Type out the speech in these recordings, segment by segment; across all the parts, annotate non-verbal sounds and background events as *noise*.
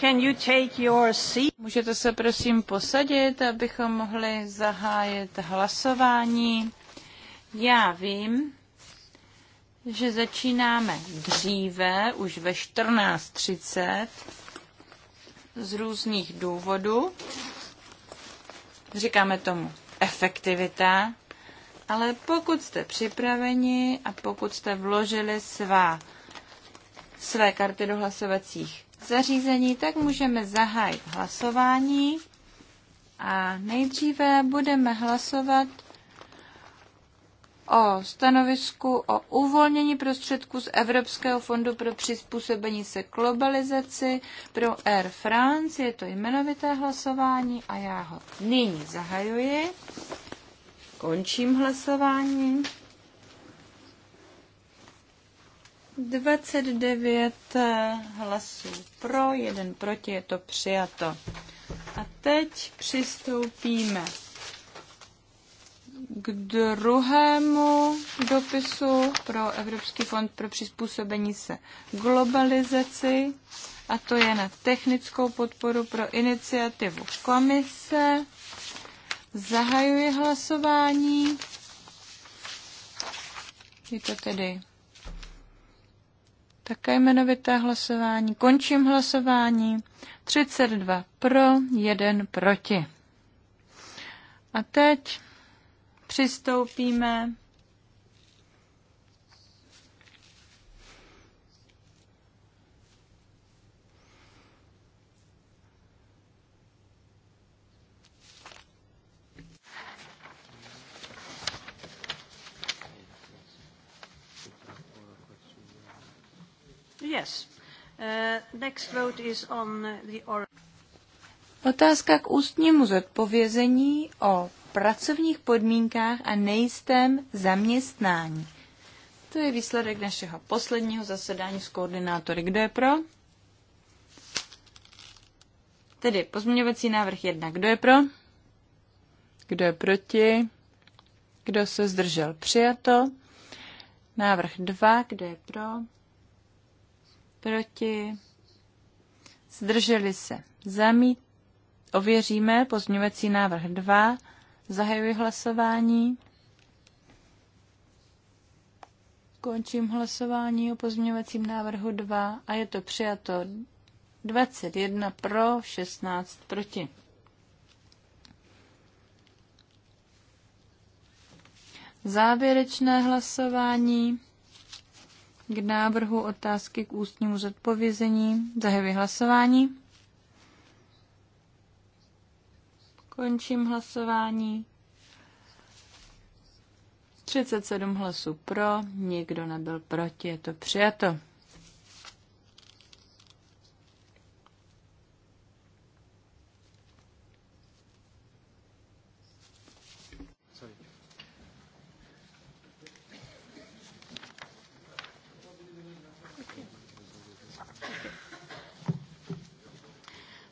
Can you take your seat? Můžete se prosím posadit, abychom mohli zahájit hlasování. Já vím, že začínáme dříve, už ve 14.30, z různých důvodů. Říkáme tomu efektivita, ale pokud jste připraveni a pokud jste vložili svá, své karty do hlasovacích zařízení, tak můžeme zahájit hlasování. A nejdříve budeme hlasovat o stanovisku o uvolnění prostředků z Evropského fondu pro přizpůsobení se globalizaci pro Air France. Je to jmenovité hlasování a já ho nyní zahajuji. Končím hlasování. 29 eh, hlasů pro, jeden proti, je to přijato. A teď přistoupíme k druhému dopisu pro Evropský fond pro přizpůsobení se globalizaci a to je na technickou podporu pro iniciativu komise. Zahajuji hlasování. Je to tedy také jmenovité hlasování. Končím hlasování. 32 pro, 1 proti. A teď přistoupíme Yes. Uh, next vote is on the or- Otázka k ústnímu zodpovězení o pracovních podmínkách a nejistém zaměstnání. To je výsledek našeho posledního zasedání s koordinátory. Kdo je pro? Tedy pozměňovací návrh jedna. Kdo je pro? Kdo je proti? Kdo se zdržel? Přijato. Návrh 2. Kdo je pro? proti, zdrželi se, zamít. Ověříme pozměňovací návrh 2, zahajuji hlasování. Končím hlasování o pozměňovacím návrhu 2 a je to přijato 21 pro, 16 proti. Závěrečné hlasování k návrhu otázky k ústnímu zodpovězení. Zahajuji hlasování. Končím hlasování. 37 hlasů pro, nikdo nebyl proti, je to přijato.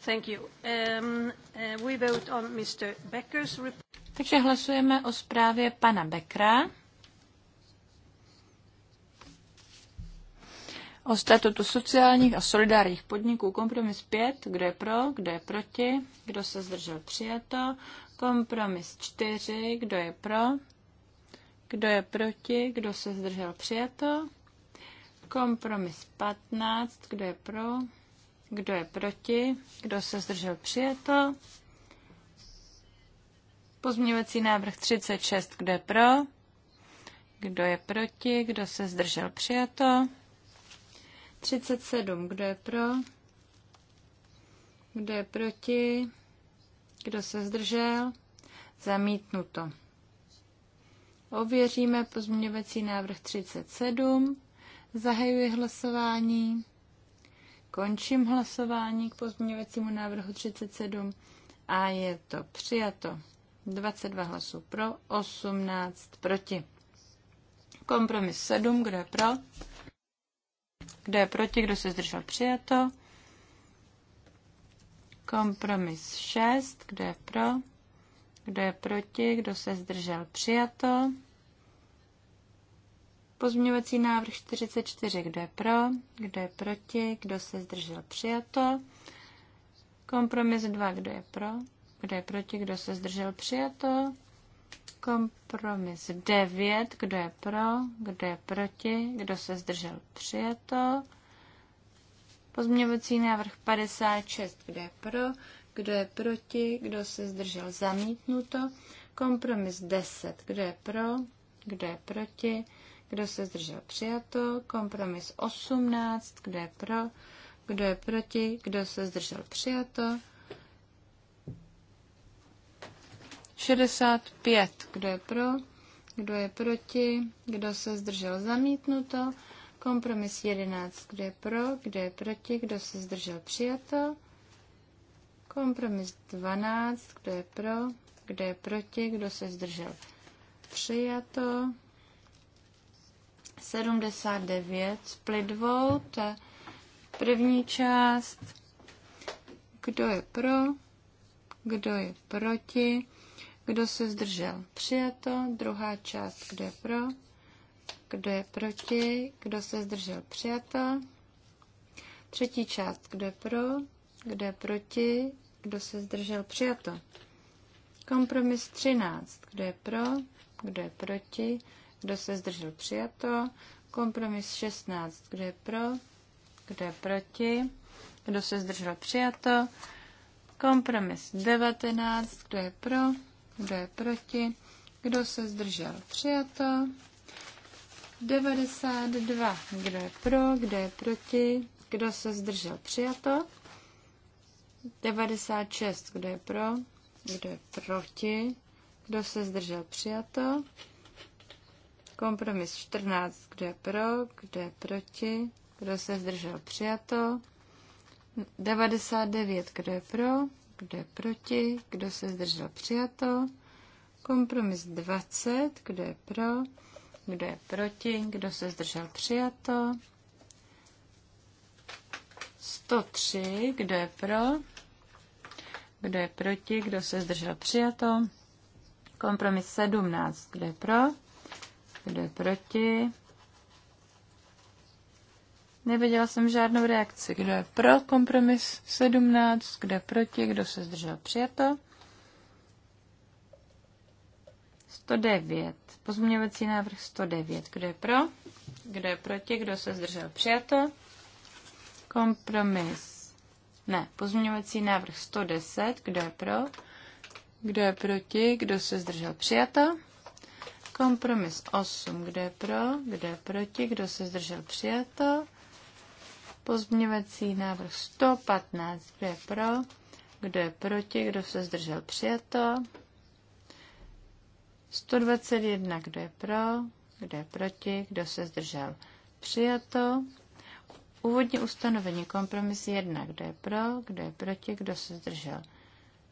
Um, uh, Takže hlasujeme o zprávě pana Beckera. O statutu sociálních a solidárních podniků kompromis 5, kdo je pro, kdo je proti, kdo se zdržel přijato. Kompromis 4, kdo je pro, kdo je proti, kdo se zdržel přijato. Kompromis 15, kdo je pro, kdo je proti? Kdo se zdržel? Přijeto. Pozměňovací návrh 36. Kdo je pro? Kdo je proti? Kdo se zdržel? přijeto? 37. Kdo je pro? Kdo je proti? Kdo se zdržel? Zamítnuto. Ověříme pozměňovací návrh 37. Zahajuji hlasování. Končím hlasování k pozměňovacímu návrhu 37 a je to přijato. 22 hlasů pro, 18 proti. Kompromis 7, kdo je pro? Kdo je proti, kdo se zdržel přijato? Kompromis 6, kdo je pro? Kdo je proti, kdo se zdržel přijato? Pozměňovací návrh 44, kdo je pro, kdo je proti, kdo se zdržel přijato. Kompromis 2, kdo je pro, kdo je proti, kdo se zdržel přijato. Kompromis 9, kdo je pro, kdo je proti, kdo se zdržel přijato. Pozměňovací návrh 56, kdo je pro, kdo je proti, kdo se zdržel zamítnuto. Kompromis 10, kdo je pro, kdo je proti, kdo se zdržel? Přijato. Kompromis 18. Kdo je pro? Kdo je proti? Kdo se zdržel? Přijato. 65. Kdo je pro? Kdo je proti? Kdo se zdržel? Zamítnuto. Kompromis 11. Kdo je pro? Kdo je proti? Kdo se zdržel? Přijato. Kompromis 12. Kdo je pro? Kdo je proti? Kdo se zdržel? Přijato. 79 split vote. První část. Kdo je pro? Kdo je proti? Kdo se zdržel? Přijato. Druhá část. Kdo je pro? Kdo je proti? Kdo se zdržel? Přijato. Třetí část. Kdo je pro? Kdo je proti? Kdo se zdržel? Přijato. Kompromis 13. Kdo je pro? Kdo je proti? Kdo se zdržel? Přijato. Kompromis 16. Kdo je pro? Kdo je proti? Kdo se zdržel? Přijato. Kompromis 19. Kdo je pro? Kdo je proti? Kdo se zdržel? Přijato. 92. Kdo je pro? Kdo je proti? Kdo se zdržel? Přijato. 96. Kdo je pro? Kdo je proti? Kdo se zdržel? Přijato. Kompromis 14, kdo je pro, kdo je proti, kdo se zdržel přijato. 99, kdo je pro, kdo je proti, kdo se zdržel přijato. Kompromis 20, kdo je pro, kdo je proti, kdo se zdržel přijato. 103, kdo je pro, kdo je proti, kdo se zdržel přijato. Kompromis 17, kdo je pro, kdo je proti? Neviděla jsem žádnou reakci. Kdo je pro kompromis 17, kdo je proti, kdo se zdržel přijato. 109. Pozměňovací návrh 109. Kdo je pro? Kdo je proti? Kdo se zdržel? Přijato. Kompromis. Ne. Pozměňovací návrh 110. Kdo je pro? Kdo je proti? Kdo se zdržel? Přijato. Kompromis 8, kde je pro, kde je proti, kdo se zdržel přijato. Pozměňovací návrh 115, kde je pro, kdo je proti, kdo se zdržel přijato. 121, kdo je pro, kdo je proti, kdo se zdržel přijato. Úvodní ustanovení kompromis 1, kdo je pro, kdo je proti, kdo se zdržel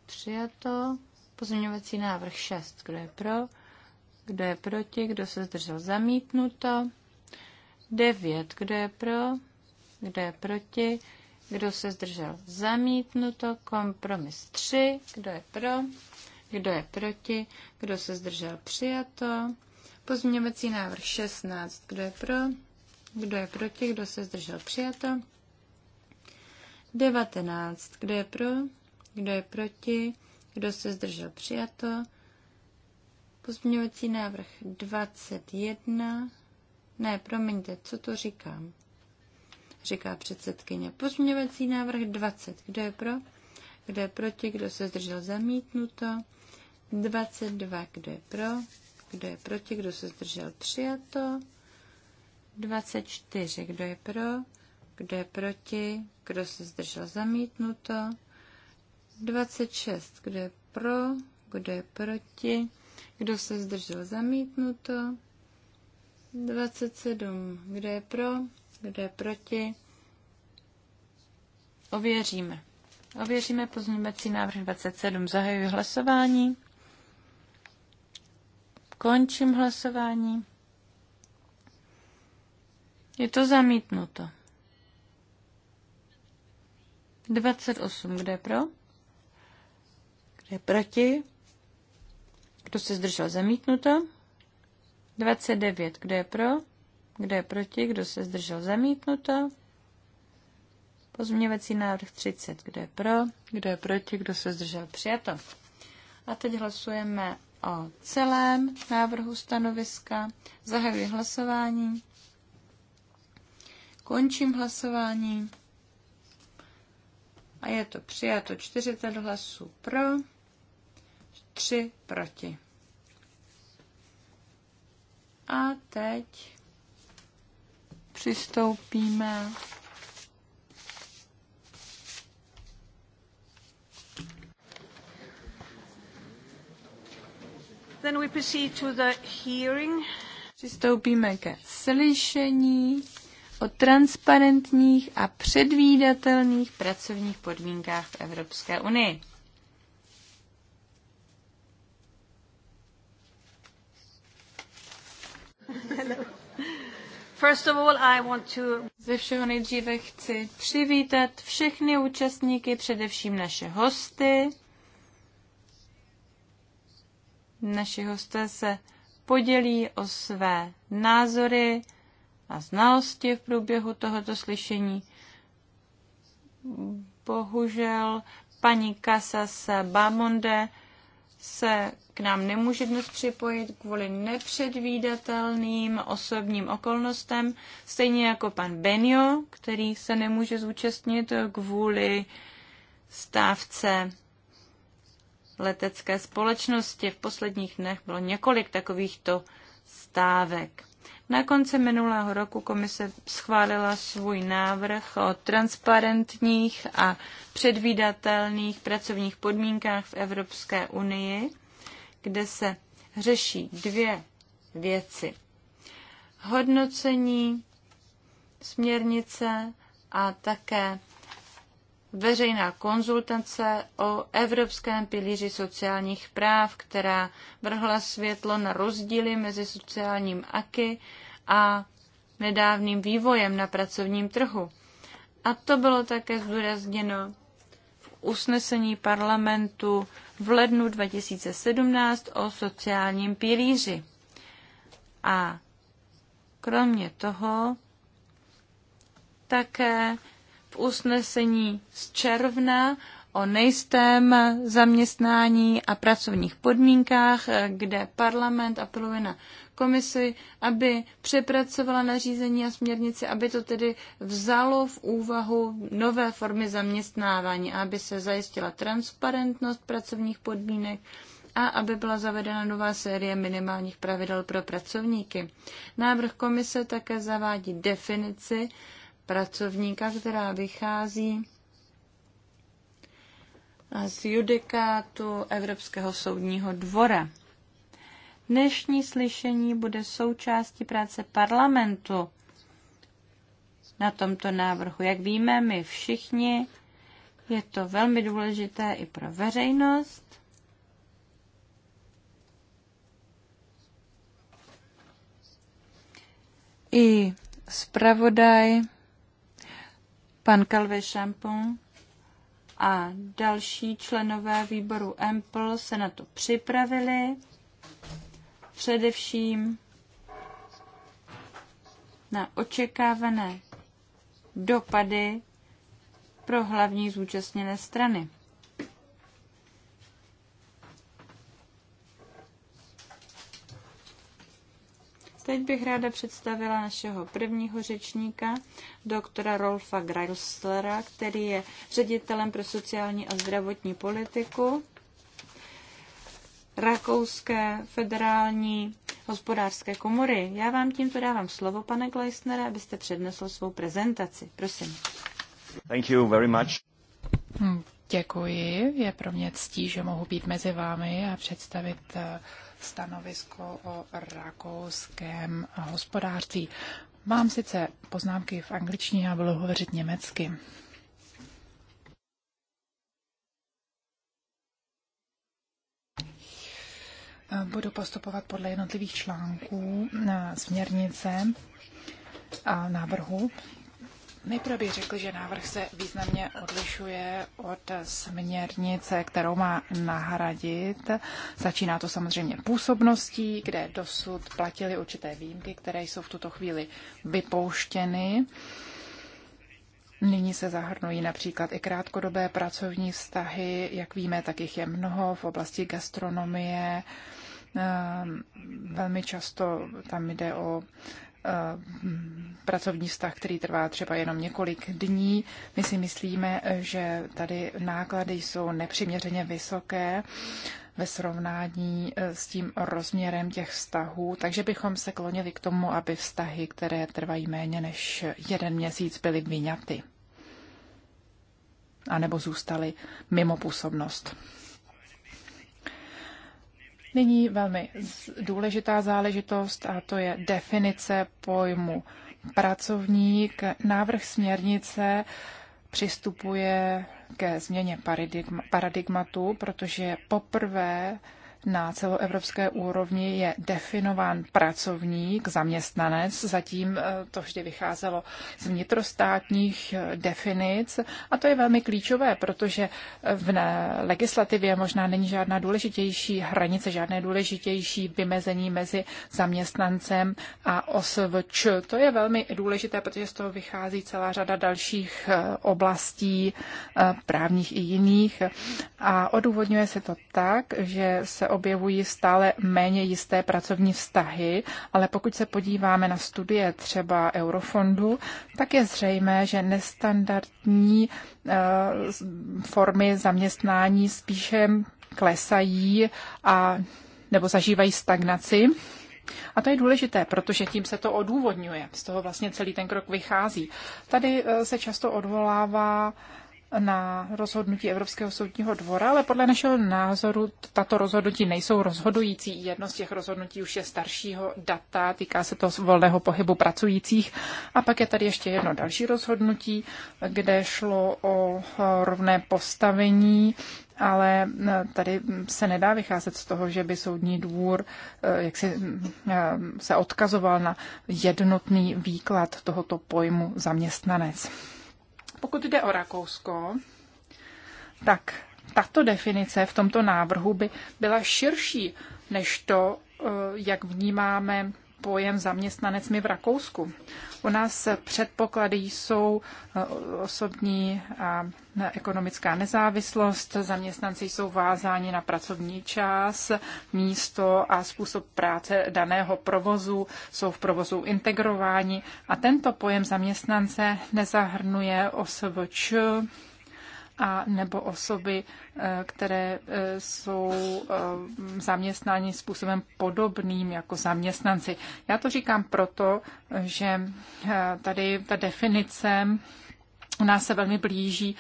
přijato. Pozměňovací návrh 6, kdo je pro, kdo je proti? Kdo se zdržel? Zamítnuto. 9. Kdo je pro? Kdo je proti? Kdo se zdržel? Zamítnuto. Kompromis 3. Kdo je pro? Kdo je proti? Kdo se zdržel? Přijato. Pozměňovací návrh 16. Kdo je pro? Kdo je proti? Kdo se zdržel? Přijato. 19. Kdo je pro? Kdo je proti? Kdo se zdržel? Přijato. Pozměňovací návrh 21. Ne, promiňte, co to říkám? Říká předsedkyně. Pozměňovací návrh 20. Kdo je pro? Kdo je proti? Kdo se zdržel zamítnuto? 22. Kdo je pro? Kdo je proti? Kdo se zdržel přijato? 24. Kdo je pro? Kdo je proti? Kdo se zdržel zamítnuto? 26. Kdo je pro? Kdo je proti? Kdo se zdržel? Zamítnuto. 27. Kdo je pro? Kdo je proti? Ověříme. Ověříme pozměňovací návrh 27. Zahajuji hlasování. Končím hlasování. Je to zamítnuto. 28. Kde je pro? Kde je proti? Kdo se zdržel zamítnuto? 29. Kdo je pro? Kdo je proti? Kdo se zdržel zamítnuto? Pozměňovací návrh 30. Kdo je pro? Kdo je proti? Kdo se zdržel přijato? A teď hlasujeme o celém návrhu stanoviska. Zahajuji hlasování. Končím hlasování. A je to přijato 40 hlasů pro. Tři proti. A teď přistoupíme Then we proceed to the hearing. Přistoupíme ke slyšení o transparentních a předvídatelných pracovních podmínkách v Evropské unii. Ze všeho nejdříve chci přivítat všechny účastníky, především naše hosty. Naši hosté se podělí o své názory a znalosti v průběhu tohoto slyšení. Bohužel paní Casas Bamonde se k nám nemůže dnes připojit kvůli nepředvídatelným osobním okolnostem, stejně jako pan Benio, který se nemůže zúčastnit kvůli stávce letecké společnosti. V posledních dnech bylo několik takovýchto stávek. Na konci minulého roku komise schválila svůj návrh o transparentních a předvídatelných pracovních podmínkách v Evropské unii kde se řeší dvě věci. Hodnocení směrnice a také veřejná konzultace o Evropském pilíři sociálních práv, která vrhla světlo na rozdíly mezi sociálním aky a nedávným vývojem na pracovním trhu. A to bylo také zdůrazněno usnesení parlamentu v lednu 2017 o sociálním pilíři. A kromě toho také v usnesení z června o nejistém zaměstnání a pracovních podmínkách, kde parlament apeluje na komisi, aby přepracovala nařízení a směrnici, aby to tedy vzalo v úvahu nové formy zaměstnávání, aby se zajistila transparentnost pracovních podmínek a aby byla zavedena nová série minimálních pravidel pro pracovníky. Návrh komise také zavádí definici pracovníka, která vychází z judikátu Evropského soudního dvora. Dnešní slyšení bude součástí práce parlamentu na tomto návrhu. Jak víme, my všichni, je to velmi důležité i pro veřejnost. I zpravodaj, pan Calvé Champon a další členové výboru EMPL se na to připravili především na očekávané dopady pro hlavní zúčastněné strany. Teď bych ráda představila našeho prvního řečníka, doktora Rolfa Greislera, který je ředitelem pro sociální a zdravotní politiku Rakouské federální hospodářské komory. Já vám tímto dávám slovo, pane Gleisnere, abyste přednesl svou prezentaci. Prosím. Thank you very much. Hmm, děkuji. Je pro mě ctí, že mohu být mezi vámi a představit eh, stanovisko o rakouském hospodářství. Mám sice poznámky v angličtině a budu hovořit německy. budu postupovat podle jednotlivých článků na eh, směrnice a návrhu. Nejprve bych řekl, že návrh se významně odlišuje od směrnice, kterou má nahradit. Začíná to samozřejmě působností, kde dosud platily určité výjimky, které jsou v tuto chvíli vypouštěny. Nyní se zahrnují například i krátkodobé pracovní vztahy, jak víme, tak jich je mnoho v oblasti gastronomie. Ehm, velmi často tam jde o ehm, pracovní vztah, který trvá třeba jenom několik dní. My si myslíme, že tady náklady jsou nepřiměřeně vysoké ve srovnání e, s tím rozměrem těch vztahů, takže bychom se klonili k tomu, aby vztahy, které trvají méně než jeden měsíc, byly vyňaty a nebo zůstaly mimo působnost. Nyní velmi důležitá záležitost a to je definice pojmu pracovník. Návrh směrnice přistupuje ke změně paradigmatu, protože poprvé na celoevropské úrovni je definován pracovník, zaměstnanec. Zatím eh, to vždy vycházelo z vnitrostátních eh, definic a to je velmi klíčové, protože eh, v legislativě možná není žádná důležitější hranice, žádné důležitější vymezení mezi zaměstnancem a OSVČ. To je velmi důležité, protože z toho vychází celá řada dalších oblastí právních i jiných a odůvodňuje se to tak, že se objevují stále méně jisté pracovní vztahy, ale pokud se podíváme na studie třeba Eurofondu, tak je zřejmé, že nestandardní eh, formy zaměstnání spíše klesají a nebo zažívají stagnaci. A to je důležité, protože tím se to odůvodňuje. Z toho vlastně celý ten krok vychází. Tady eh, se často odvolává na rozhodnutí Evropského soudního dvora, ale podle našeho názoru tato rozhodnutí nejsou rozhodující. Jedno z těch rozhodnutí už je staršího data, týká se to volného pohybu pracujících. A pak je tady ještě jedno další rozhodnutí, kde šlo o rovné postavení, ale tady se nedá vycházet z toho, že by soudní dvůr eh, jak si, mm, eh, se odkazoval na jednotný výklad tohoto pojmu zaměstnanec. Pokud jde o Rakousko, tak tato definice v tomto návrhu by byla širší než to, eh, jak vnímáme pojem zaměstnanec mi v Rakousku. U nás předpoklady jsou eh, osobní a eh, ekonomická nezávislost, zaměstnanci jsou vázáni na pracovní čas, místo a způsob práce daného provozu, jsou v provozu integrováni a tento pojem zaměstnance nezahrnuje OSVČ, a nebo osoby, eh, které eh, jsou eh, zaměstnáni způsobem podobným jako zaměstnanci. Já to říkám proto, že tady ta definice u nás se velmi blíží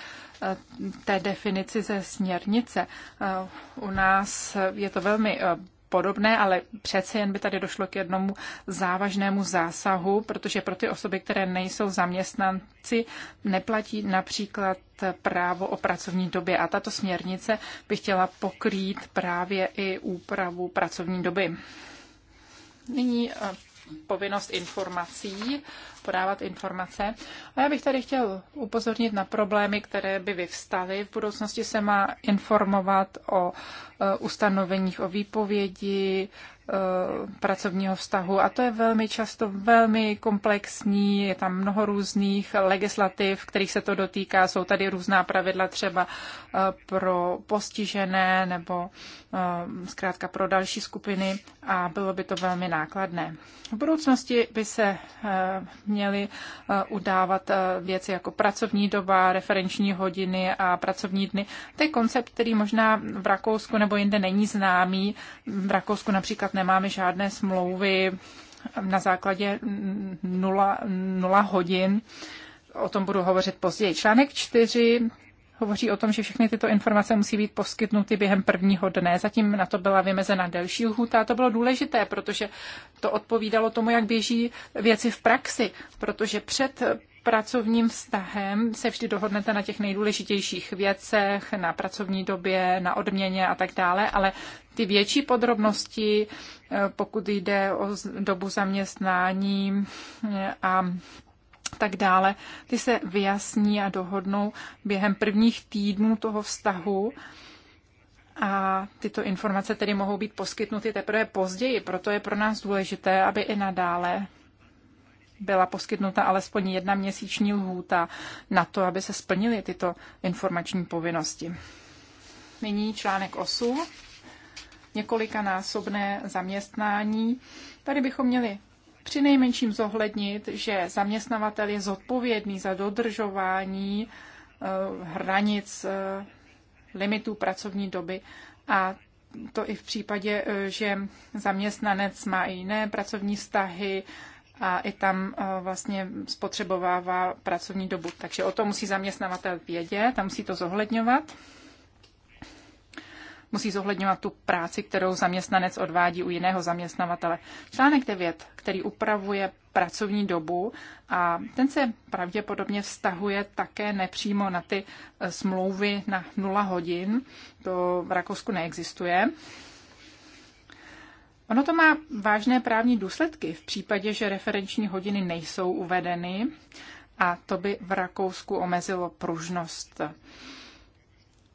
té definici ze směrnice. U nás je to velmi podobné, ale přece jen by tady došlo k jednomu závažnému zásahu, protože pro ty osoby, které nejsou zaměstnanci, neplatí například právo o pracovní době. A tato směrnice by chtěla pokrýt právě i úpravu pracovní doby. Nyní eh, povinnost informací, podávat informace. A já bych tady chtěl upozornit na problémy, které by vyvstaly. V budoucnosti se má informovat o e, ustanoveních o výpovědi, Eh, pracovního vztahu. A to je velmi často velmi komplexní, je tam mnoho různých legislativ, kterých se to dotýká. Jsou tady různá pravidla třeba eh, pro postižené nebo eh, zkrátka pro další skupiny a bylo by to velmi nákladné. V budoucnosti by se měly udávat věci jako pracovní doba, referenční hodiny a pracovní dny. To je koncept, který možná v Rakousku nebo jinde není známý. V Rakousku například nemáme žádné smlouvy na základě nula, nula hodin. O tom budu hovořit později. Článek 4 hovoří o tom, že všechny tyto informace musí být poskytnuty během prvního dne. Zatím na to byla vymezena delší lhůta. To bylo důležité, protože to odpovídalo tomu, jak běží věci v praxi, protože před pracovním vztahem se vždy dohodnete na těch nejdůležitějších věcech, na pracovní době, na odměně a tak dále, ale ty větší podrobnosti, eh, pokud jde o dobu zaměstnání eh, a tak dále, ty se vyjasní a dohodnou během prvních týdnů toho vztahu. A tyto informace tedy mohou být poskytnuty teprve později, proto je pro nás důležité, aby i nadále byla poskytnuta alespoň jedna měsíční lhůta na to, aby se splnily tyto informační povinnosti. Nyní článek 8. Několikanásobné zaměstnání. Tady bychom měli při nejmenším zohlednit, že zaměstnavatel je zodpovědný za dodržování eh, hranic eh, limitů pracovní doby a to i v případě, eh, že zaměstnanec má i jiné pracovní vztahy, a i tam e, vlastně spotřebovává pracovní dobu. Takže o to musí zaměstnavatel vědět Tam musí to zohledňovat. Musí zohledňovat tu práci, kterou zaměstnanec odvádí u jiného zaměstnavatele. Článek 9, který upravuje pracovní dobu a ten se pravděpodobně vztahuje také nepřímo na ty e, smlouvy na nula hodin. To v Rakousku neexistuje. Ono to má vážné právní důsledky v případě, že referenční hodiny nejsou uvedeny a to by v Rakousku omezilo pružnost.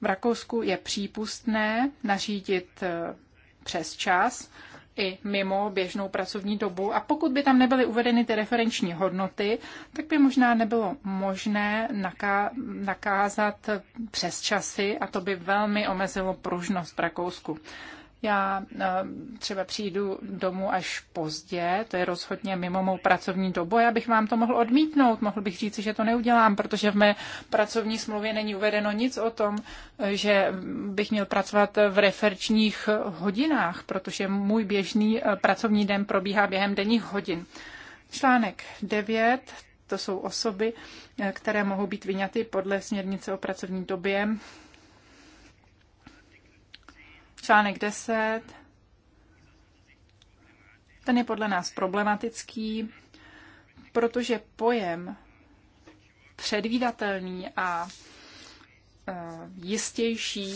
V Rakousku je přípustné nařídit eh, přes čas i mimo běžnou pracovní dobu a pokud by tam nebyly uvedeny ty referenční hodnoty, tak by možná nebylo možné naká- nakázat přes časy a to by velmi omezilo pružnost v Rakousku. Já eh, třeba přijdu domů až pozdě, to je rozhodně mimo mou pracovní dobu, já bych vám to mohl odmítnout, mohl bych říct, že to neudělám, protože v mé pracovní smlouvě není uvedeno nic o tom, eh, že bych měl pracovat v referčních hodinách, protože můj běžný eh, pracovní den probíhá během denních hodin. Článek 9, to jsou osoby, které mohou být vyňaty podle směrnice o pracovní době článek 10, ten je podle nás problematický, protože pojem předvídatelný a e, jistější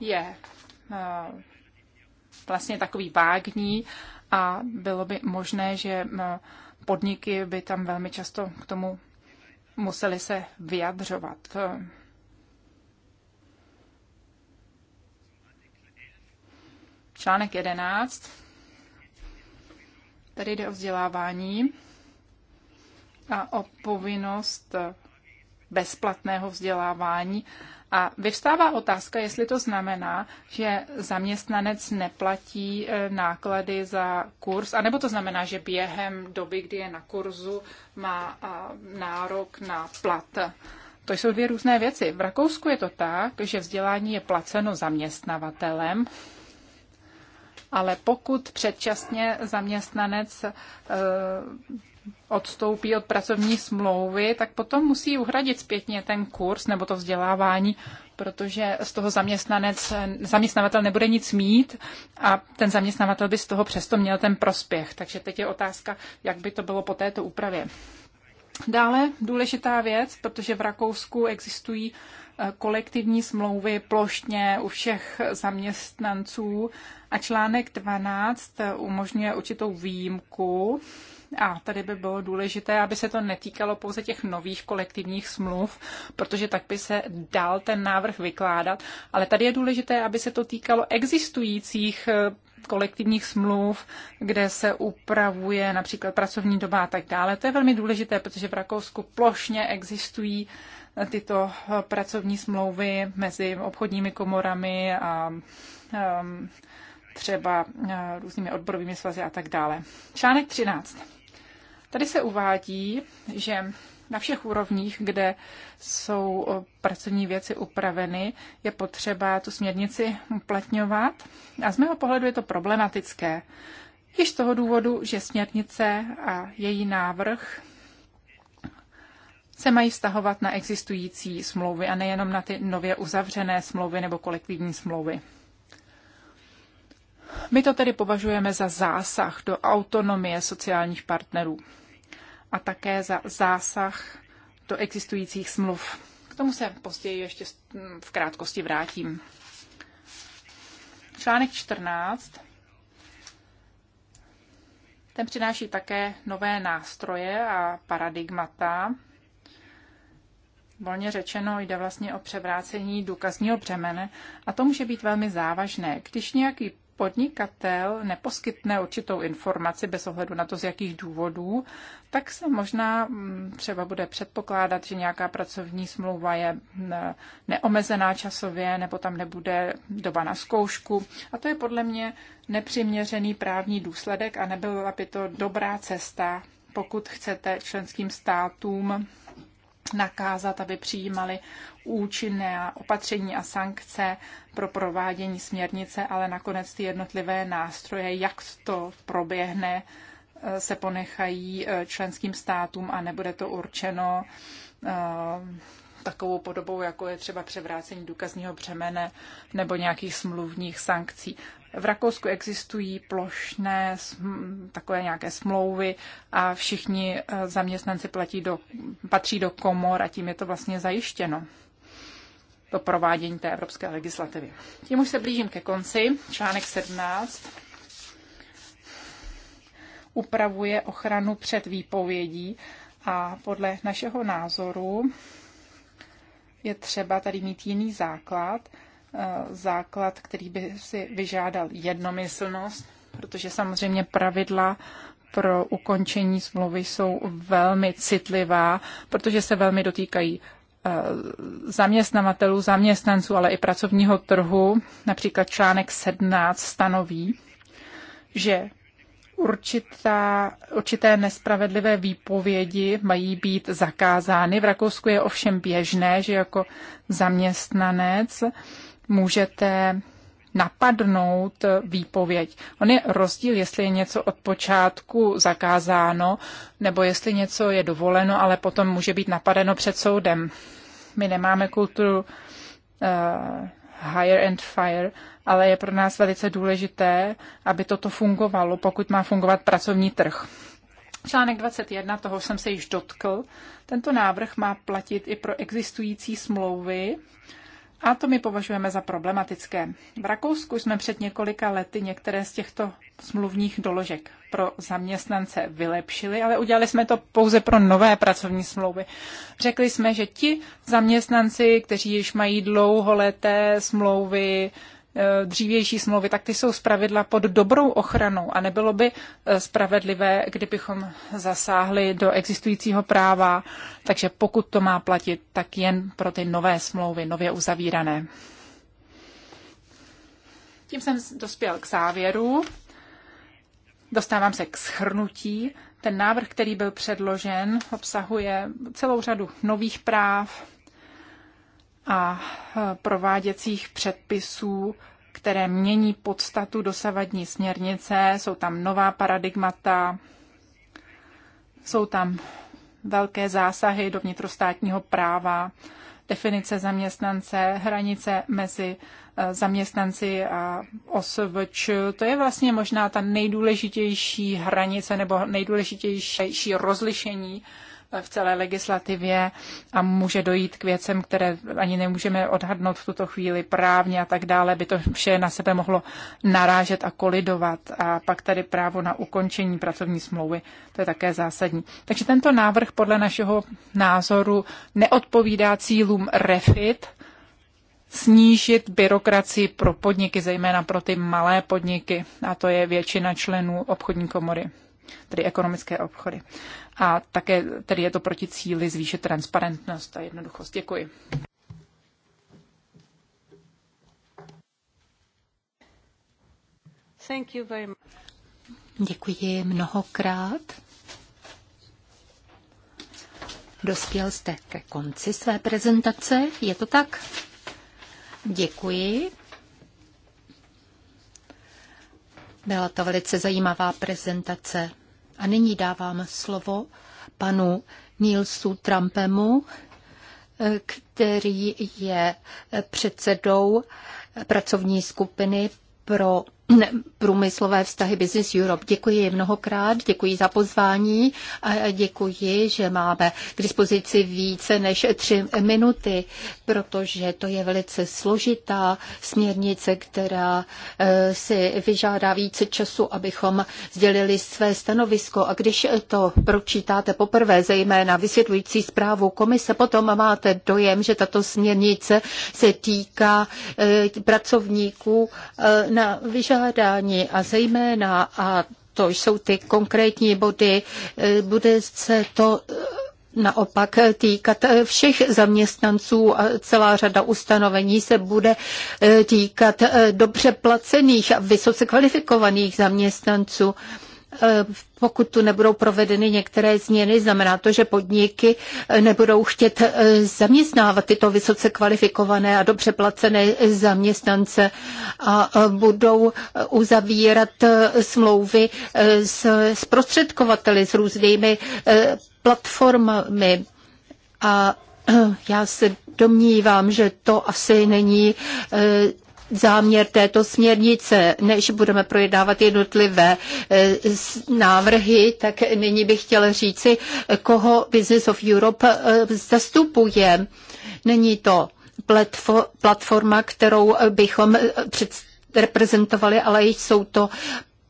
je e, vlastně takový vágní a bylo by možné, že e, podniky by tam velmi často k tomu museli se vyjadřovat. Článek 11. Tady jde o vzdělávání a o povinnost bezplatného vzdělávání. A vyvstává otázka, jestli to znamená, že zaměstnanec neplatí e, náklady za kurz, anebo to znamená, že během doby, kdy je na kurzu, má nárok na plat. To jsou dvě různé věci. V Rakousku je to tak, že vzdělání je placeno zaměstnavatelem, ale pokud předčasně zaměstnanec eh, odstoupí od pracovní smlouvy, tak potom musí uhradit zpětně ten kurz nebo to vzdělávání, protože z toho zaměstnanec, zaměstnavatel nebude nic mít a ten zaměstnavatel by z toho přesto měl ten prospěch. Takže teď je otázka, jak by to bylo po této úpravě. Dále důležitá věc, protože v Rakousku existují kolektivní smlouvy plošně u všech zaměstnanců a článek 12 umožňuje určitou výjimku. A tady by bylo důležité, aby se to netýkalo pouze těch nových kolektivních smluv, protože tak by se dal ten návrh vykládat. Ale tady je důležité, aby se to týkalo existujících eh, kolektivních smluv, kde se upravuje například pracovní doba a tak dále. To je velmi důležité, protože v Rakousku plošně existují tyto pracovní smlouvy mezi obchodními komorami a um, třeba uh, různými odborovými svazy a tak dále. Článek 13. Tady se uvádí, že na všech úrovních, kde jsou uh, pracovní věci upraveny, je potřeba tu směrnici uplatňovat. A z mého pohledu je to problematické. Již z toho důvodu, že směrnice a její návrh se mají vztahovat na existující smlouvy a nejenom na ty nově uzavřené smlouvy nebo kolektivní smlouvy. My to tedy považujeme za zásah do autonomie sociálních partnerů a také za zásah do existujících smluv. K tomu se později ještě v krátkosti vrátím. Článek 14. Ten přináší také nové nástroje a paradigmata Volně řečeno jde vlastně o převrácení důkazního břemene a to může být velmi závažné. Když nějaký podnikatel neposkytne určitou informaci bez ohledu na to, z jakých důvodů, tak se možná mm, třeba bude předpokládat, že nějaká pracovní smlouva je mm, neomezená časově nebo tam nebude doba na zkoušku. A to je podle mě nepřiměřený právní důsledek a nebyla by to dobrá cesta, pokud chcete členským státům nakázat, aby přijímali účinné opatření a sankce pro provádění směrnice, ale nakonec ty jednotlivé nástroje, jak to proběhne, eh, se ponechají eh, členským státům a nebude to určeno eh, takovou podobou, jako je třeba převrácení důkazního břemene nebo nějakých smluvních sankcí. V Rakousku existují plošné takové nějaké smlouvy a všichni eh, zaměstnanci platí do, patří do komor a tím je to vlastně zajištěno to provádění té evropské legislativy. Tím už se blížím ke konci. Článek 17 upravuje ochranu před výpovědí a podle našeho názoru je třeba tady mít jiný základ Eh, základ, který by si vyžádal jednomyslnost, protože samozřejmě pravidla pro ukončení smlouvy jsou velmi citlivá, protože se velmi dotýkají eh, zaměstnavatelů, zaměstnanců, ale i pracovního trhu. Například článek 17 stanoví, že určitá, určité nespravedlivé výpovědi mají být zakázány. V Rakousku je ovšem běžné, že jako zaměstnanec můžete napadnout výpověď. On je rozdíl, jestli je něco od počátku zakázáno, nebo jestli něco je dovoleno, ale potom může být napadeno před soudem. My nemáme kulturu uh, eh, hire and fire, ale je pro nás velice důležité, aby toto fungovalo, pokud má fungovat pracovní trh. Článek 21, toho jsem se již dotkl. Tento návrh má platit i pro existující smlouvy, uh, a to my považujeme za problematické. V Rakousku jsme před několika lety některé z těchto smluvních doložek pro zaměstnance vylepšili, ale udělali jsme to pouze pro nové pracovní smlouvy. Řekli jsme, že ti zaměstnanci, kteří již mají dlouholeté smlouvy Eh, dřívější smlouvy, tak ty jsou zpravidla pod dobrou ochranou a nebylo by eh, spravedlivé, kdybychom zasáhli do existujícího práva, takže pokud to má platit, tak jen pro ty nové smlouvy, nově uzavírané. Tím jsem dospěl k závěru. Dostávám se k schrnutí. Ten návrh, který byl předložen, obsahuje celou řadu nových práv, a e, prováděcích předpisů, které mění podstatu dosavadní směrnice. Jsou tam nová paradigmata, jsou tam velké zásahy do vnitrostátního práva, definice zaměstnance, hranice mezi e, zaměstnanci a OSVČ. To je vlastně možná ta nejdůležitější hranice nebo nejdůležitější rozlišení v celé legislativě a může dojít k věcem, které ani nemůžeme odhadnout v tuto chvíli právně a tak dále, by to vše na sebe mohlo narážet a kolidovat. A pak tady právo na ukončení pracovní smlouvy, to je také zásadní. Takže tento návrh podle našeho názoru neodpovídá cílům REFIT, snížit byrokracii pro podniky, zejména pro ty malé podniky, a to je většina členů obchodní komory, tedy ekonomické obchody a také tedy je to proti cíli zvýšit transparentnost a jednoduchost. Děkuji. Thank you very much. Děkuji mnohokrát. Dospěl jste ke konci své prezentace, je to tak? Děkuji. Byla to velice zajímavá prezentace. A nyní dávám slovo panu Nilsu Trumpemu, eh, který je předsedou pracovní skupiny pro průmyslové vztahy Business Europe. Děkuji mnohokrát, děkuji za pozvání a děkuji, že máme k dispozici více než tři minuty, protože to je velice složitá směrnice, která eh, si vyžádá více času, abychom sdělili své stanovisko. A když to pročítáte poprvé, zejména vysvětlující zprávu komise, potom máte dojem, že tato směrnice se týká eh, pracovníků eh, na vyžádání uspořádání a zejména, a to jsou ty konkrétní body, eh, bude se to eh, naopak týkat eh, všech zaměstnanců a celá řada ustanovení se bude týkat dobře placených a vysoce kvalifikovaných zaměstnanců. Eh, pokud tu nebudou provedeny některé změny, znamená to, že podniky eh, nebudou chtět eh, zaměstnávat tyto vysoce kvalifikované a dobře placené zaměstnance a budou uzavírat smlouvy s zprostředkovateli, s různými platformami. A já se domnívám, že to asi není záměr této směrnice. Než budeme projednávat jednotlivé eh, návrhy, tak nyní bych chtěla říci, koho Business of Europe eh, zastupuje. Není to platforma, kterou bychom eh, reprezentovali, ale jsou to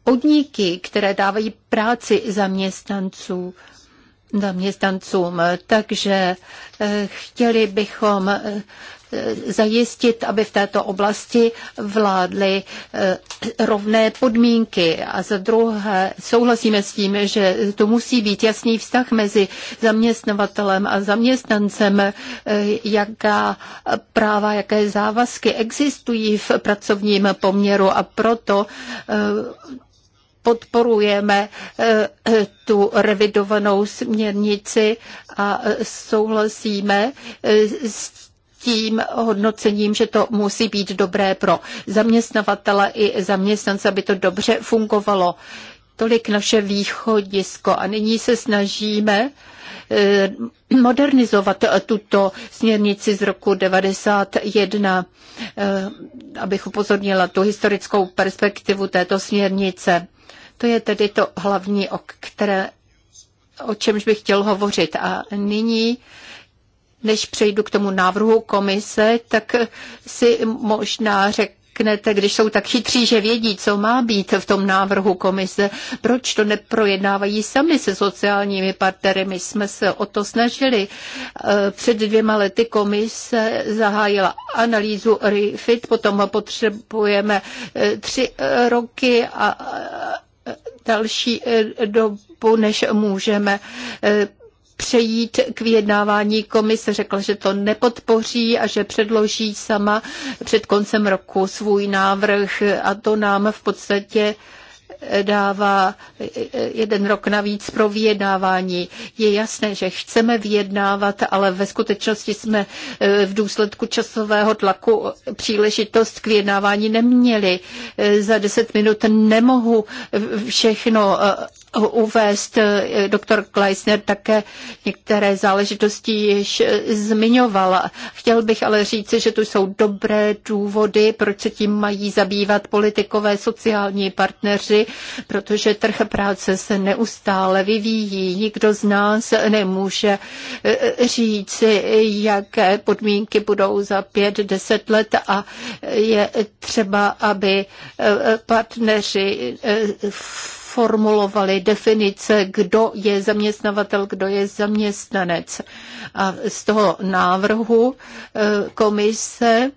podniky, které dávají práci zaměstnanců zaměstnancům. Takže chtěli bychom Eh, zajistit, aby v této oblasti vládly eh, rovné podmínky. A za druhé souhlasíme s tím, že to musí být jasný vztah mezi zaměstnavatelem a zaměstnancem, eh, jaká práva, jaké závazky existují v pracovním poměru a proto podporujeme tu revidovanou směrnici a souhlasíme s tím hodnocením, že to musí být dobré pro zaměstnavatele i zaměstnance, aby to dobře fungovalo. Tolik naše východisko. A nyní se snažíme eh, modernizovat tuto směrnici z roku 91, eh, abych upozornila tu historickou perspektivu této směrnice. To je tedy to hlavní, o, které, o čemž bych chtěl hovořit. A nyní než přejdu k tomu návrhu komise, tak si možná řeknete, když jsou tak chytří, že vědí, co má být v tom návrhu komise, proč to neprojednávají sami se sociálními partnery. My jsme se o to snažili. Před dvěma lety komise zahájila analýzu REFIT, potom potřebujeme eh, tři eh, roky a eh, další dobu, než můžeme přejít k vyjednávání komise. Řekla, že to nepodpoří a že předloží sama před koncem roku svůj návrh a to nám v podstatě dává jeden rok navíc pro vyjednávání. Je jasné, že chceme vyjednávat, ale ve skutečnosti jsme eh, v důsledku časového tlaku příležitost k vyjednávání neměli. Eh, za deset minut nemohu všechno eh, uvést. Eh, doktor Kleisner také některé záležitosti již eh, zmiňoval. Chtěl bych ale říci, že tu jsou dobré důvody, proč se tím mají zabývat politikové, sociální partneři, protože trh práce se neustále vyvíjí. Nikdo z nás nemůže eh, říci, jaké podmínky budou za pět, deset let a je třeba, aby partneři formulovali definice, kdo je zaměstnavatel, kdo je zaměstnanec. A z toho návrhu eh, komise